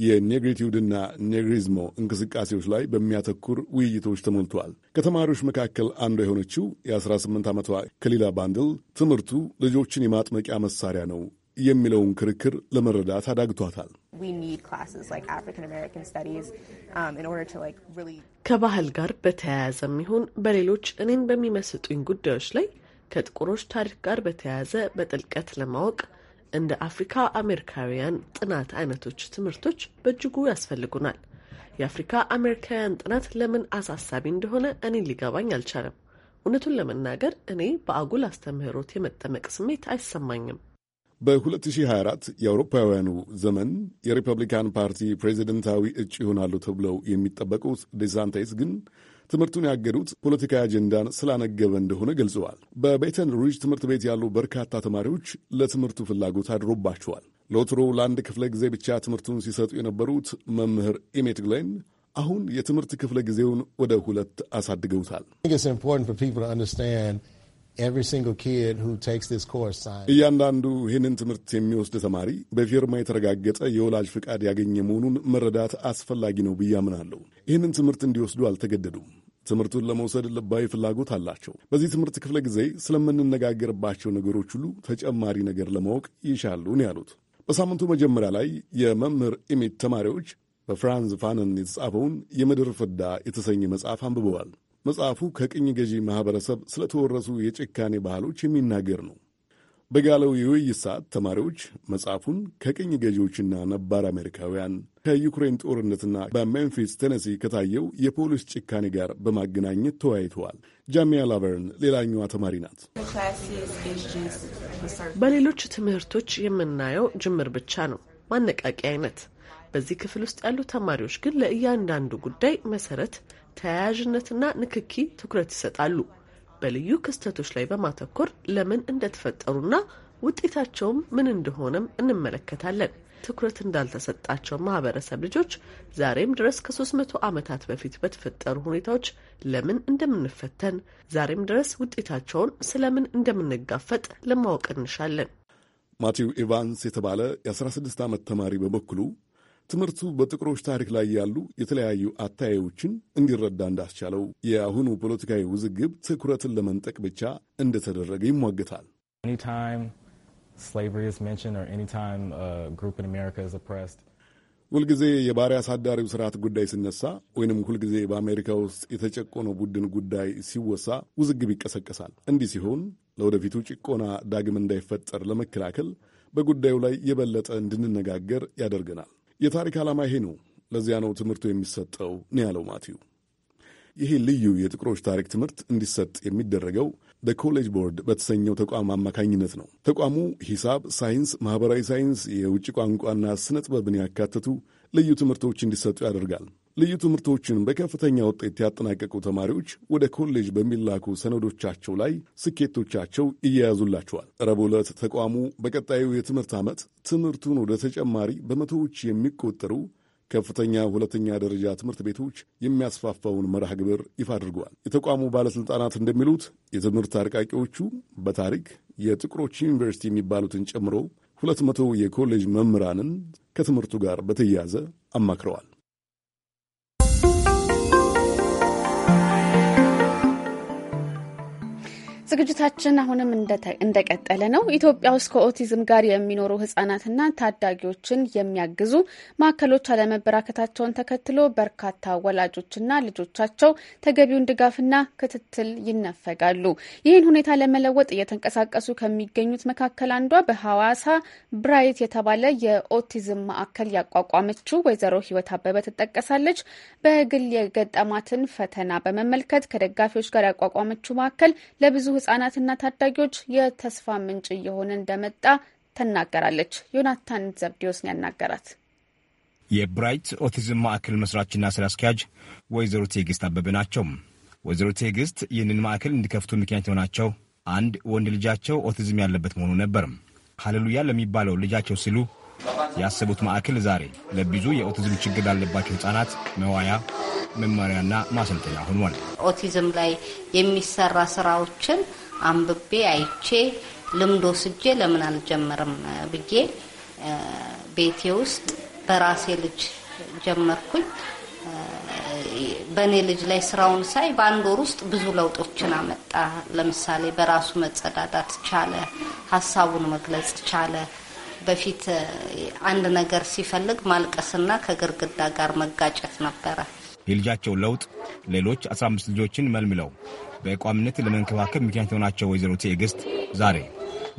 [SPEAKER 13] የኔግሪቲዩድና ኔግሪዝሞ እንቅስቃሴዎች ላይ በሚያተኩር ውይይቶች ተሞልተዋል። ከተማሪዎች መካከል አንዷ የሆነችው የ18 ዓመቷ ከሌላ ባንድል ትምህርቱ ልጆችን የማጥመቂያ መሳሪያ ነው የሚለውን ክርክር ለመረዳት አዳግቷታል።
[SPEAKER 3] um,
[SPEAKER 12] ከባህል ጋር በተያያዘ የሚሆን በሌሎች እኔን በሚመስጡኝ ጉዳዮች ላይ ከጥቁሮች ታሪክ ጋር በተያያዘ በጥልቀት ለማወቅ እንደ አፍሪካ አሜሪካውያን ጥናት አይነቶች ትምህርቶች በእጅጉ ያስፈልጉናል። የአፍሪካ አሜሪካውያን ጥናት ለምን አሳሳቢ እንደሆነ እኔን ሊገባኝ አልቻለም። እውነቱን ለመናገር እኔ በአጉል አስተምህሮት የመጠመቅ ስሜት አይሰማኝም።
[SPEAKER 13] በ2024 የአውሮፓውያኑ ዘመን የሪፐብሊካን ፓርቲ ፕሬዚደንታዊ እጩ ይሆናሉ ተብለው የሚጠበቁት ዴሳንታይስ ግን ትምህርቱን ያገዱት ፖለቲካዊ አጀንዳን ስላነገበ እንደሆነ ገልጸዋል። በቤተን ሩጅ ትምህርት ቤት ያሉ በርካታ ተማሪዎች ለትምህርቱ ፍላጎት አድሮባቸዋል። ለወትሮ ለአንድ ክፍለ ጊዜ ብቻ ትምህርቱን ሲሰጡ የነበሩት መምህር ኢሜት ግሌን አሁን የትምህርት ክፍለ ጊዜውን ወደ ሁለት አሳድገውታል። እያንዳንዱ ይህንን ትምህርት የሚወስድ ተማሪ በፊርማ የተረጋገጠ የወላጅ ፍቃድ ያገኘ መሆኑን መረዳት አስፈላጊ ነው ብዬ አምናለሁ። ይህንን ትምህርት እንዲወስዱ አልተገደዱም። ትምህርቱን ለመውሰድ ልባዊ ፍላጎት አላቸው። በዚህ ትምህርት ክፍለ ጊዜ ስለምንነጋገርባቸው ነገሮች ሁሉ ተጨማሪ ነገር ለማወቅ ይሻሉ ያሉት። በሳምንቱ መጀመሪያ ላይ የመምህር ኢሜት ተማሪዎች በፍራንዝ ፋነን የተጻፈውን የምድር ፍዳ የተሰኘ መጽሐፍ አንብበዋል። መጽሐፉ ከቅኝ ገዢ ማኅበረሰብ ስለተወረሱ የጭካኔ ባህሎች የሚናገር ነው። በጋለው የውይይት ሰዓት ተማሪዎች መጽሐፉን ከቅኝ ገዢዎችና ነባር አሜሪካውያን ከዩክሬን ጦርነትና በሜምፊስ ቴነሲ ከታየው የፖሊስ ጭካኔ ጋር በማገናኘት ተወያይተዋል። ጃሚያ ላቨርን ሌላኛዋ ተማሪ ናት።
[SPEAKER 12] በሌሎች ትምህርቶች የምናየው ጅምር ብቻ ነው ማነቃቂያ አይነት በዚህ ክፍል ውስጥ ያሉ ተማሪዎች ግን ለእያንዳንዱ ጉዳይ መሰረት፣ ተያያዥነትና ንክኪ ትኩረት ይሰጣሉ። በልዩ ክስተቶች ላይ በማተኮር ለምን እንደተፈጠሩና ውጤታቸውም ምን እንደሆነም እንመለከታለን። ትኩረት እንዳልተሰጣቸው ማህበረሰብ ልጆች ዛሬም ድረስ ከሶስት መቶ ዓመታት በፊት በተፈጠሩ ሁኔታዎች ለምን እንደምንፈተን፣ ዛሬም ድረስ ውጤታቸውን ስለምን እንደምንጋፈጥ ለማወቅ
[SPEAKER 13] እንሻለን። ማቲው ኢቫንስ የተባለ የ16 ዓመት ተማሪ በበኩሉ ትምህርቱ በጥቁሮች ታሪክ ላይ ያሉ የተለያዩ አታያዮችን እንዲረዳ እንዳስቻለው የአሁኑ ፖለቲካዊ ውዝግብ ትኩረትን ለመንጠቅ ብቻ እንደተደረገ ይሟገታል። ሁልጊዜ የባሪያ አሳዳሪው ስርዓት ጉዳይ ሲነሳ ወይንም ሁልጊዜ በአሜሪካ ውስጥ የተጨቆነው ቡድን ጉዳይ ሲወሳ ውዝግብ ይቀሰቀሳል። እንዲህ ሲሆን ለወደፊቱ ጭቆና ዳግም እንዳይፈጠር ለመከላከል በጉዳዩ ላይ የበለጠ እንድንነጋገር ያደርገናል። የታሪክ ዓላማ ይሄ ነው፣ ለዚያ ነው ትምህርቱ የሚሰጠው ነው ያለው ማቲው። ይሄ ልዩ የጥቁሮች ታሪክ ትምህርት እንዲሰጥ የሚደረገው በኮሌጅ ቦርድ በተሰኘው ተቋም አማካኝነት ነው። ተቋሙ ሂሳብ፣ ሳይንስ፣ ማኅበራዊ ሳይንስ፣ የውጭ ቋንቋና ስነ ጥበብን ያካተቱ ልዩ ትምህርቶች እንዲሰጡ ያደርጋል። ልዩ ትምህርቶችን በከፍተኛ ውጤት ያጠናቀቁ ተማሪዎች ወደ ኮሌጅ በሚላኩ ሰነዶቻቸው ላይ ስኬቶቻቸው እያያዙላቸዋል። ረቡዕ ዕለት ተቋሙ በቀጣዩ የትምህርት ዓመት ትምህርቱን ወደ ተጨማሪ በመቶዎች የሚቆጠሩ ከፍተኛ ሁለተኛ ደረጃ ትምህርት ቤቶች የሚያስፋፋውን መርሃ ግብር ይፋ አድርገዋል። የተቋሙ ባለሥልጣናት እንደሚሉት የትምህርት አርቃቂዎቹ በታሪክ የጥቁሮች ዩኒቨርሲቲ የሚባሉትን ጨምሮ ሁለት መቶ የኮሌጅ መምህራንን ከትምህርቱ ጋር በተያያዘ አማክረዋል።
[SPEAKER 1] ዝግጅታችን አሁንም እንደቀጠለ ነው። ኢትዮጵያ ውስጥ ከኦቲዝም ጋር የሚኖሩ ህጻናትና ታዳጊዎችን የሚያግዙ ማዕከሎች አለመበራከታቸውን ተከትሎ በርካታ ወላጆችና ልጆቻቸው ተገቢውን ድጋፍና ክትትል ይነፈጋሉ። ይህን ሁኔታ ለመለወጥ እየተንቀሳቀሱ ከሚገኙት መካከል አንዷ በሐዋሳ ብራይት የተባለ የኦቲዝም ማዕከል ያቋቋመችው ወይዘሮ ህይወት አበበ ትጠቀሳለች። በግል የገጠማትን ፈተና በመመልከት ከደጋፊዎች ጋር ያቋቋመችው ማዕከል ለብዙ ህጻናትና ታዳጊዎች የተስፋ ምንጭ እየሆነ እንደመጣ ትናገራለች። ዮናታን ዘብዲዮስን ያናገራት
[SPEAKER 14] የብራይት ኦቲዝም ማዕከል መስራችና ስራ አስኪያጅ ወይዘሮ ቴግስት አበበ ናቸው። ወይዘሮ ቴግስት ይህንን ማዕከል እንዲከፍቱ ምክንያት የሆናቸው አንድ ወንድ ልጃቸው ኦቲዝም ያለበት መሆኑ ነበር። ሀሌሉያ ለሚባለው ልጃቸው ሲሉ ያሰቡት ማዕከል ዛሬ ለብዙ የኦቲዝም ችግር ላለባቸው ህጻናት መዋያ መማሪያና ማሰልጠኛ ሆኗል።
[SPEAKER 15] ኦቲዝም ላይ የሚሰራ ስራዎችን አንብቤ አይቼ ልምዶ ስጄ ለምን አልጀመርም ብዬ ቤቴ ውስጥ በራሴ ልጅ ጀመርኩኝ። በእኔ ልጅ ላይ ስራውን ሳይ በአንድ ወር ውስጥ ብዙ ለውጦችን አመጣ። ለምሳሌ በራሱ መጸዳዳት ቻለ፣ ሀሳቡን መግለጽ ቻለ በፊት አንድ ነገር ሲፈልግ ማልቀስና ከግርግዳ ጋር መጋጨት ነበረ።
[SPEAKER 14] የልጃቸው ለውጥ ሌሎች 15 ልጆችን መልምለው በቋሚነት ለመንከባከብ ምክንያት የሆናቸው ወይዘሮ ትዕግስት ዛሬ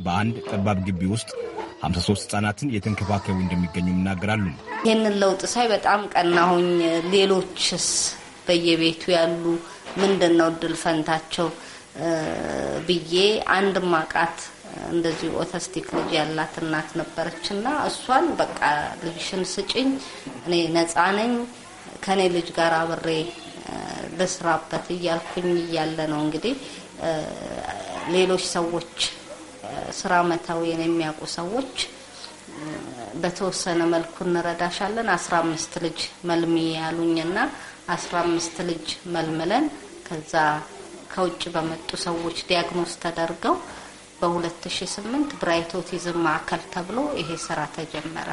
[SPEAKER 14] በአንድ ጠባብ ግቢ ውስጥ 53 ህጻናትን የተንከባከቡ እንደሚገኙ ይናገራሉ።
[SPEAKER 15] ይህንን ለውጥ ሳይ በጣም ቀናሁኝ። ሌሎችስ በየቤቱ ያሉ ምንድን ነው እድል ፈንታቸው ብዬ አንድ ማቃት እንደዚህ ኦተስቲክ ልጅ ያላት እናት ነበረች እና እሷን በቃ ልጅሽን ስጭኝ፣ እኔ ነፃ ነኝ፣ ከእኔ ልጅ ጋር አብሬ ልስራበት እያልኩኝ እያለ ነው እንግዲህ ሌሎች ሰዎች ስራ መተውን የሚያውቁ ሰዎች በተወሰነ መልኩ እንረዳሻለን አስራ አምስት ልጅ መልሚ ያሉኝና አስራ አምስት ልጅ መልምለን ከዛ ከውጭ በመጡ ሰዎች ዲያግኖስ ተደርገው በ2008 ብራይት ኦቲዝም ማዕከል ተብሎ ይሄ ስራ ተጀመረ።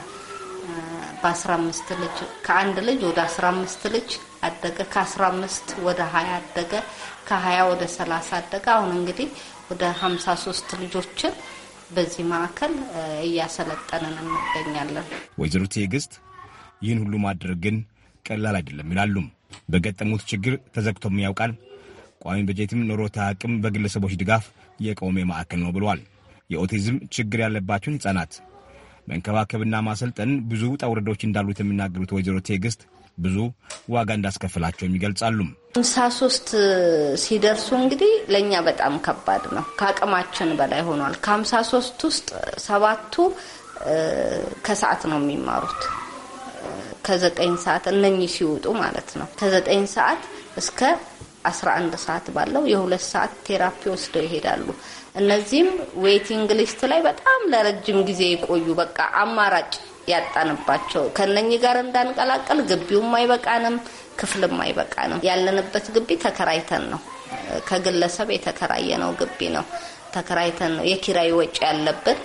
[SPEAKER 15] በ15 ልጅ ከአንድ ልጅ ወደ 15 ልጅ አደገ። ከ15 ወደ 20 አደገ። ከ20 ወደ 30 አደገ። አሁን እንግዲህ ወደ 53 ልጆችን በዚህ ማዕከል እያሰለጠንን እንገኛለን።
[SPEAKER 14] ወይዘሮ ትዕግስት ይህን ሁሉ ማድረግ ግን ቀላል አይደለም ይላሉም። በገጠሙት ችግር ተዘግቶም ያውቃል። ቋሚ በጀትም ኖሮት አያውቅም። በግለሰቦች ድጋፍ የቆሜ ማዕከል ነው ብሏል። የኦቲዝም ችግር ያለባቸውን ህጻናት መንከባከብና ማሰልጠን ብዙ ውጣ ውረዶች እንዳሉት የሚናገሩት ወይዘሮ ቴግስት ብዙ ዋጋ እንዳስከፍላቸውም ይገልጻሉ።
[SPEAKER 15] ሃምሳ ሶስት ሲደርሱ እንግዲህ ለእኛ በጣም ከባድ ነው። ከአቅማችን በላይ ሆኗል። ከሃምሳ ሶስት ውስጥ ሰባቱ ከሰዓት ነው የሚማሩት ከዘጠኝ ሰዓት እነኚህ ሲወጡ ማለት ነው ከዘጠኝ ሰዓት እስከ 11 ሰዓት ባለው የሁለት ሰዓት ቴራፒ ወስደው ይሄዳሉ። እነዚህም ዌቲንግ ሊስት ላይ በጣም ለረጅም ጊዜ የቆዩ በቃ አማራጭ ያጣንባቸው ከነኚህ ጋር እንዳንቀላቀል ግቢውም አይበቃንም፣ ክፍልም አይበቃንም። ያለንበት ግቢ ተከራይተን ነው፣ ከግለሰብ የተከራየነው ግቢ ነው። ተከራይተን ነው የኪራይ ወጪ ያለብን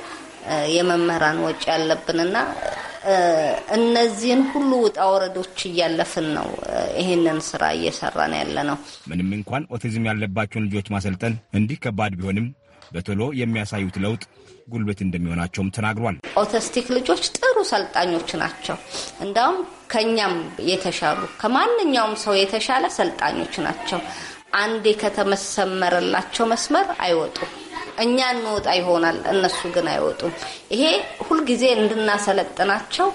[SPEAKER 15] የመምህራን ወጪ ያለብንና እነዚህን ሁሉ ውጣ ወረዶች እያለፍን ነው ይህንን ስራ እየሰራን ያለ ነው።
[SPEAKER 14] ምንም እንኳን ኦቲዝም ያለባቸውን ልጆች ማሰልጠን እንዲህ ከባድ ቢሆንም በቶሎ የሚያሳዩት ለውጥ ጉልበት እንደሚሆናቸውም ተናግሯል።
[SPEAKER 15] ኦቲስቲክ ልጆች ጥሩ ሰልጣኞች ናቸው። እንዳውም ከኛም የተሻሉ ከማንኛውም ሰው የተሻለ ሰልጣኞች ናቸው። አንዴ ከተመሰመረላቸው መስመር አይወጡም። እኛ እንወጣ ይሆናል፣ እነሱ ግን አይወጡም። ይሄ ሁልጊዜ እንድናሰለጥናቸው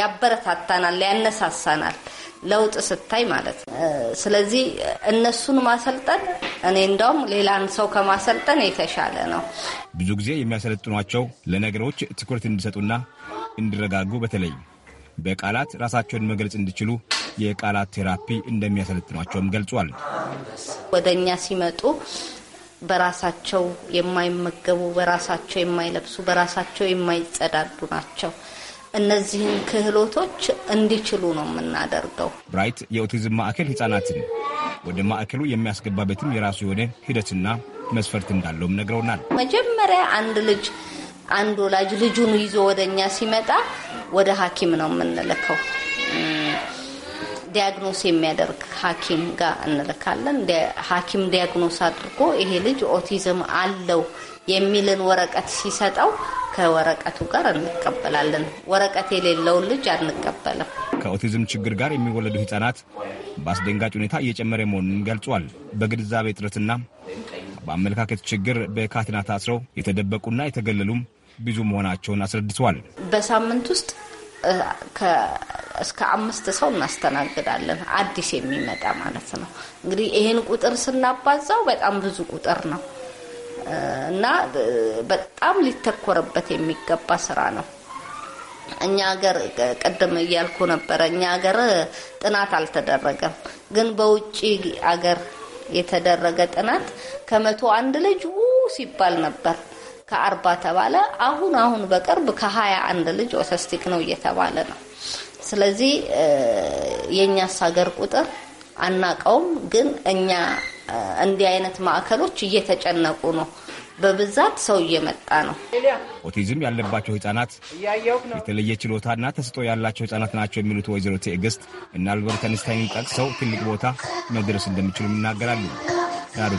[SPEAKER 15] ያበረታታናል፣ ያነሳሳናል ለውጥ ስታይ ማለት ነው። ስለዚህ እነሱን ማሰልጠን እኔ እንደውም ሌላን ሰው ከማሰልጠን የተሻለ ነው።
[SPEAKER 14] ብዙ ጊዜ የሚያሰለጥኗቸው ለነገሮች ትኩረት እንዲሰጡና እንዲረጋጉ፣ በተለይ በቃላት ራሳቸውን መግለጽ እንዲችሉ የቃላት ቴራፒ እንደሚያሰለጥኗቸውም ገልጿል።
[SPEAKER 15] ወደ እኛ ሲመጡ በራሳቸው የማይመገቡ፣ በራሳቸው የማይለብሱ፣ በራሳቸው የማይጸዳዱ ናቸው። እነዚህን ክህሎቶች እንዲችሉ ነው የምናደርገው።
[SPEAKER 14] ብራይት የኦቲዝም ማዕከል ህጻናትን ወደ ማዕከሉ የሚያስገባበትም የራሱ የሆነ ሂደትና መስፈርት እንዳለውም ነግረውናል።
[SPEAKER 15] መጀመሪያ አንድ ልጅ አንድ ወላጅ ልጁን ይዞ ወደ እኛ ሲመጣ ወደ ሐኪም ነው የምንልከው። ዲያግኖስ የሚያደርግ ሐኪም ጋር እንልካለን። ሐኪም ዲያግኖስ አድርጎ ይሄ ልጅ ኦቲዝም አለው የሚልን ወረቀት ሲሰጠው ከወረቀቱ ጋር እንቀበላለን። ወረቀት የሌለውን ልጅ አንቀበልም።
[SPEAKER 14] ከኦቲዝም ችግር ጋር የሚወለዱ ህጻናት በአስደንጋጭ ሁኔታ እየጨመረ መሆኑን ገልጿል። በግንዛቤ እጥረትና በአመለካከት ችግር በካቴና ታስረው የተደበቁና የተገለሉም ብዙ መሆናቸውን አስረድተዋል።
[SPEAKER 15] በሳምንት ውስጥ እስከ አምስት ሰው እናስተናግዳለን። አዲስ የሚመጣ ማለት ነው። እንግዲህ ይህን ቁጥር ስናባዛው በጣም ብዙ ቁጥር ነው እና በጣም ሊተኮርበት የሚገባ ስራ ነው። እኛ ሀገር ቀደም እያልኩ ነበረ፣ እኛ ሀገር ጥናት አልተደረገም። ግን በውጭ አገር የተደረገ ጥናት ከመቶ አንድ ልጅ ው ሲባል ነበር ከአርባ ተባለ። አሁን አሁን በቅርብ ከሀያ አንድ ልጅ ኦቲስቲክ ነው እየተባለ ነው። ስለዚህ የእኛስ ሀገር ቁጥር አናቀውም፣ ግን እኛ እንዲህ አይነት ማዕከሎች እየተጨነቁ ነው። በብዛት ሰው እየመጣ
[SPEAKER 14] ነው። ኦቲዝም ያለባቸው ህጻናት የተለየ ችሎታ እና ተስጦ ያላቸው ህጻናት ናቸው የሚሉት ወይዘሮ ትዕግስት እና አልበርት አንስታይንን ጠቅሰው ትልቅ ቦታ መድረስ እንደሚችሉ ይናገራሉ። ዳሩ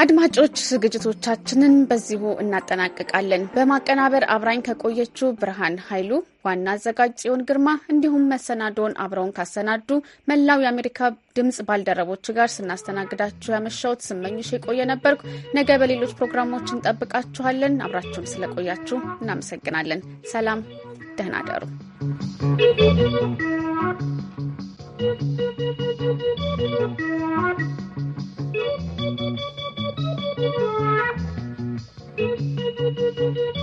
[SPEAKER 1] አድማጮች ዝግጅቶቻችንን በዚሁ እናጠናቅቃለን። በማቀናበር አብራኝ ከቆየችው ብርሃን ኃይሉ፣ ዋና አዘጋጅ ጽዮን ግርማ እንዲሁም መሰናዶውን አብረውን ካሰናዱ መላው የአሜሪካ ድምፅ ባልደረቦች ጋር ስናስተናግዳችሁ ያመሻውት ስመኝሽ የቆየ ነበርኩ። ነገ በሌሎች ፕሮግራሞች እንጠብቃችኋለን። አብራችሁም ስለቆያችሁ እናመሰግናለን። ሰላም፣ ደህና አደሩ።
[SPEAKER 14] thank you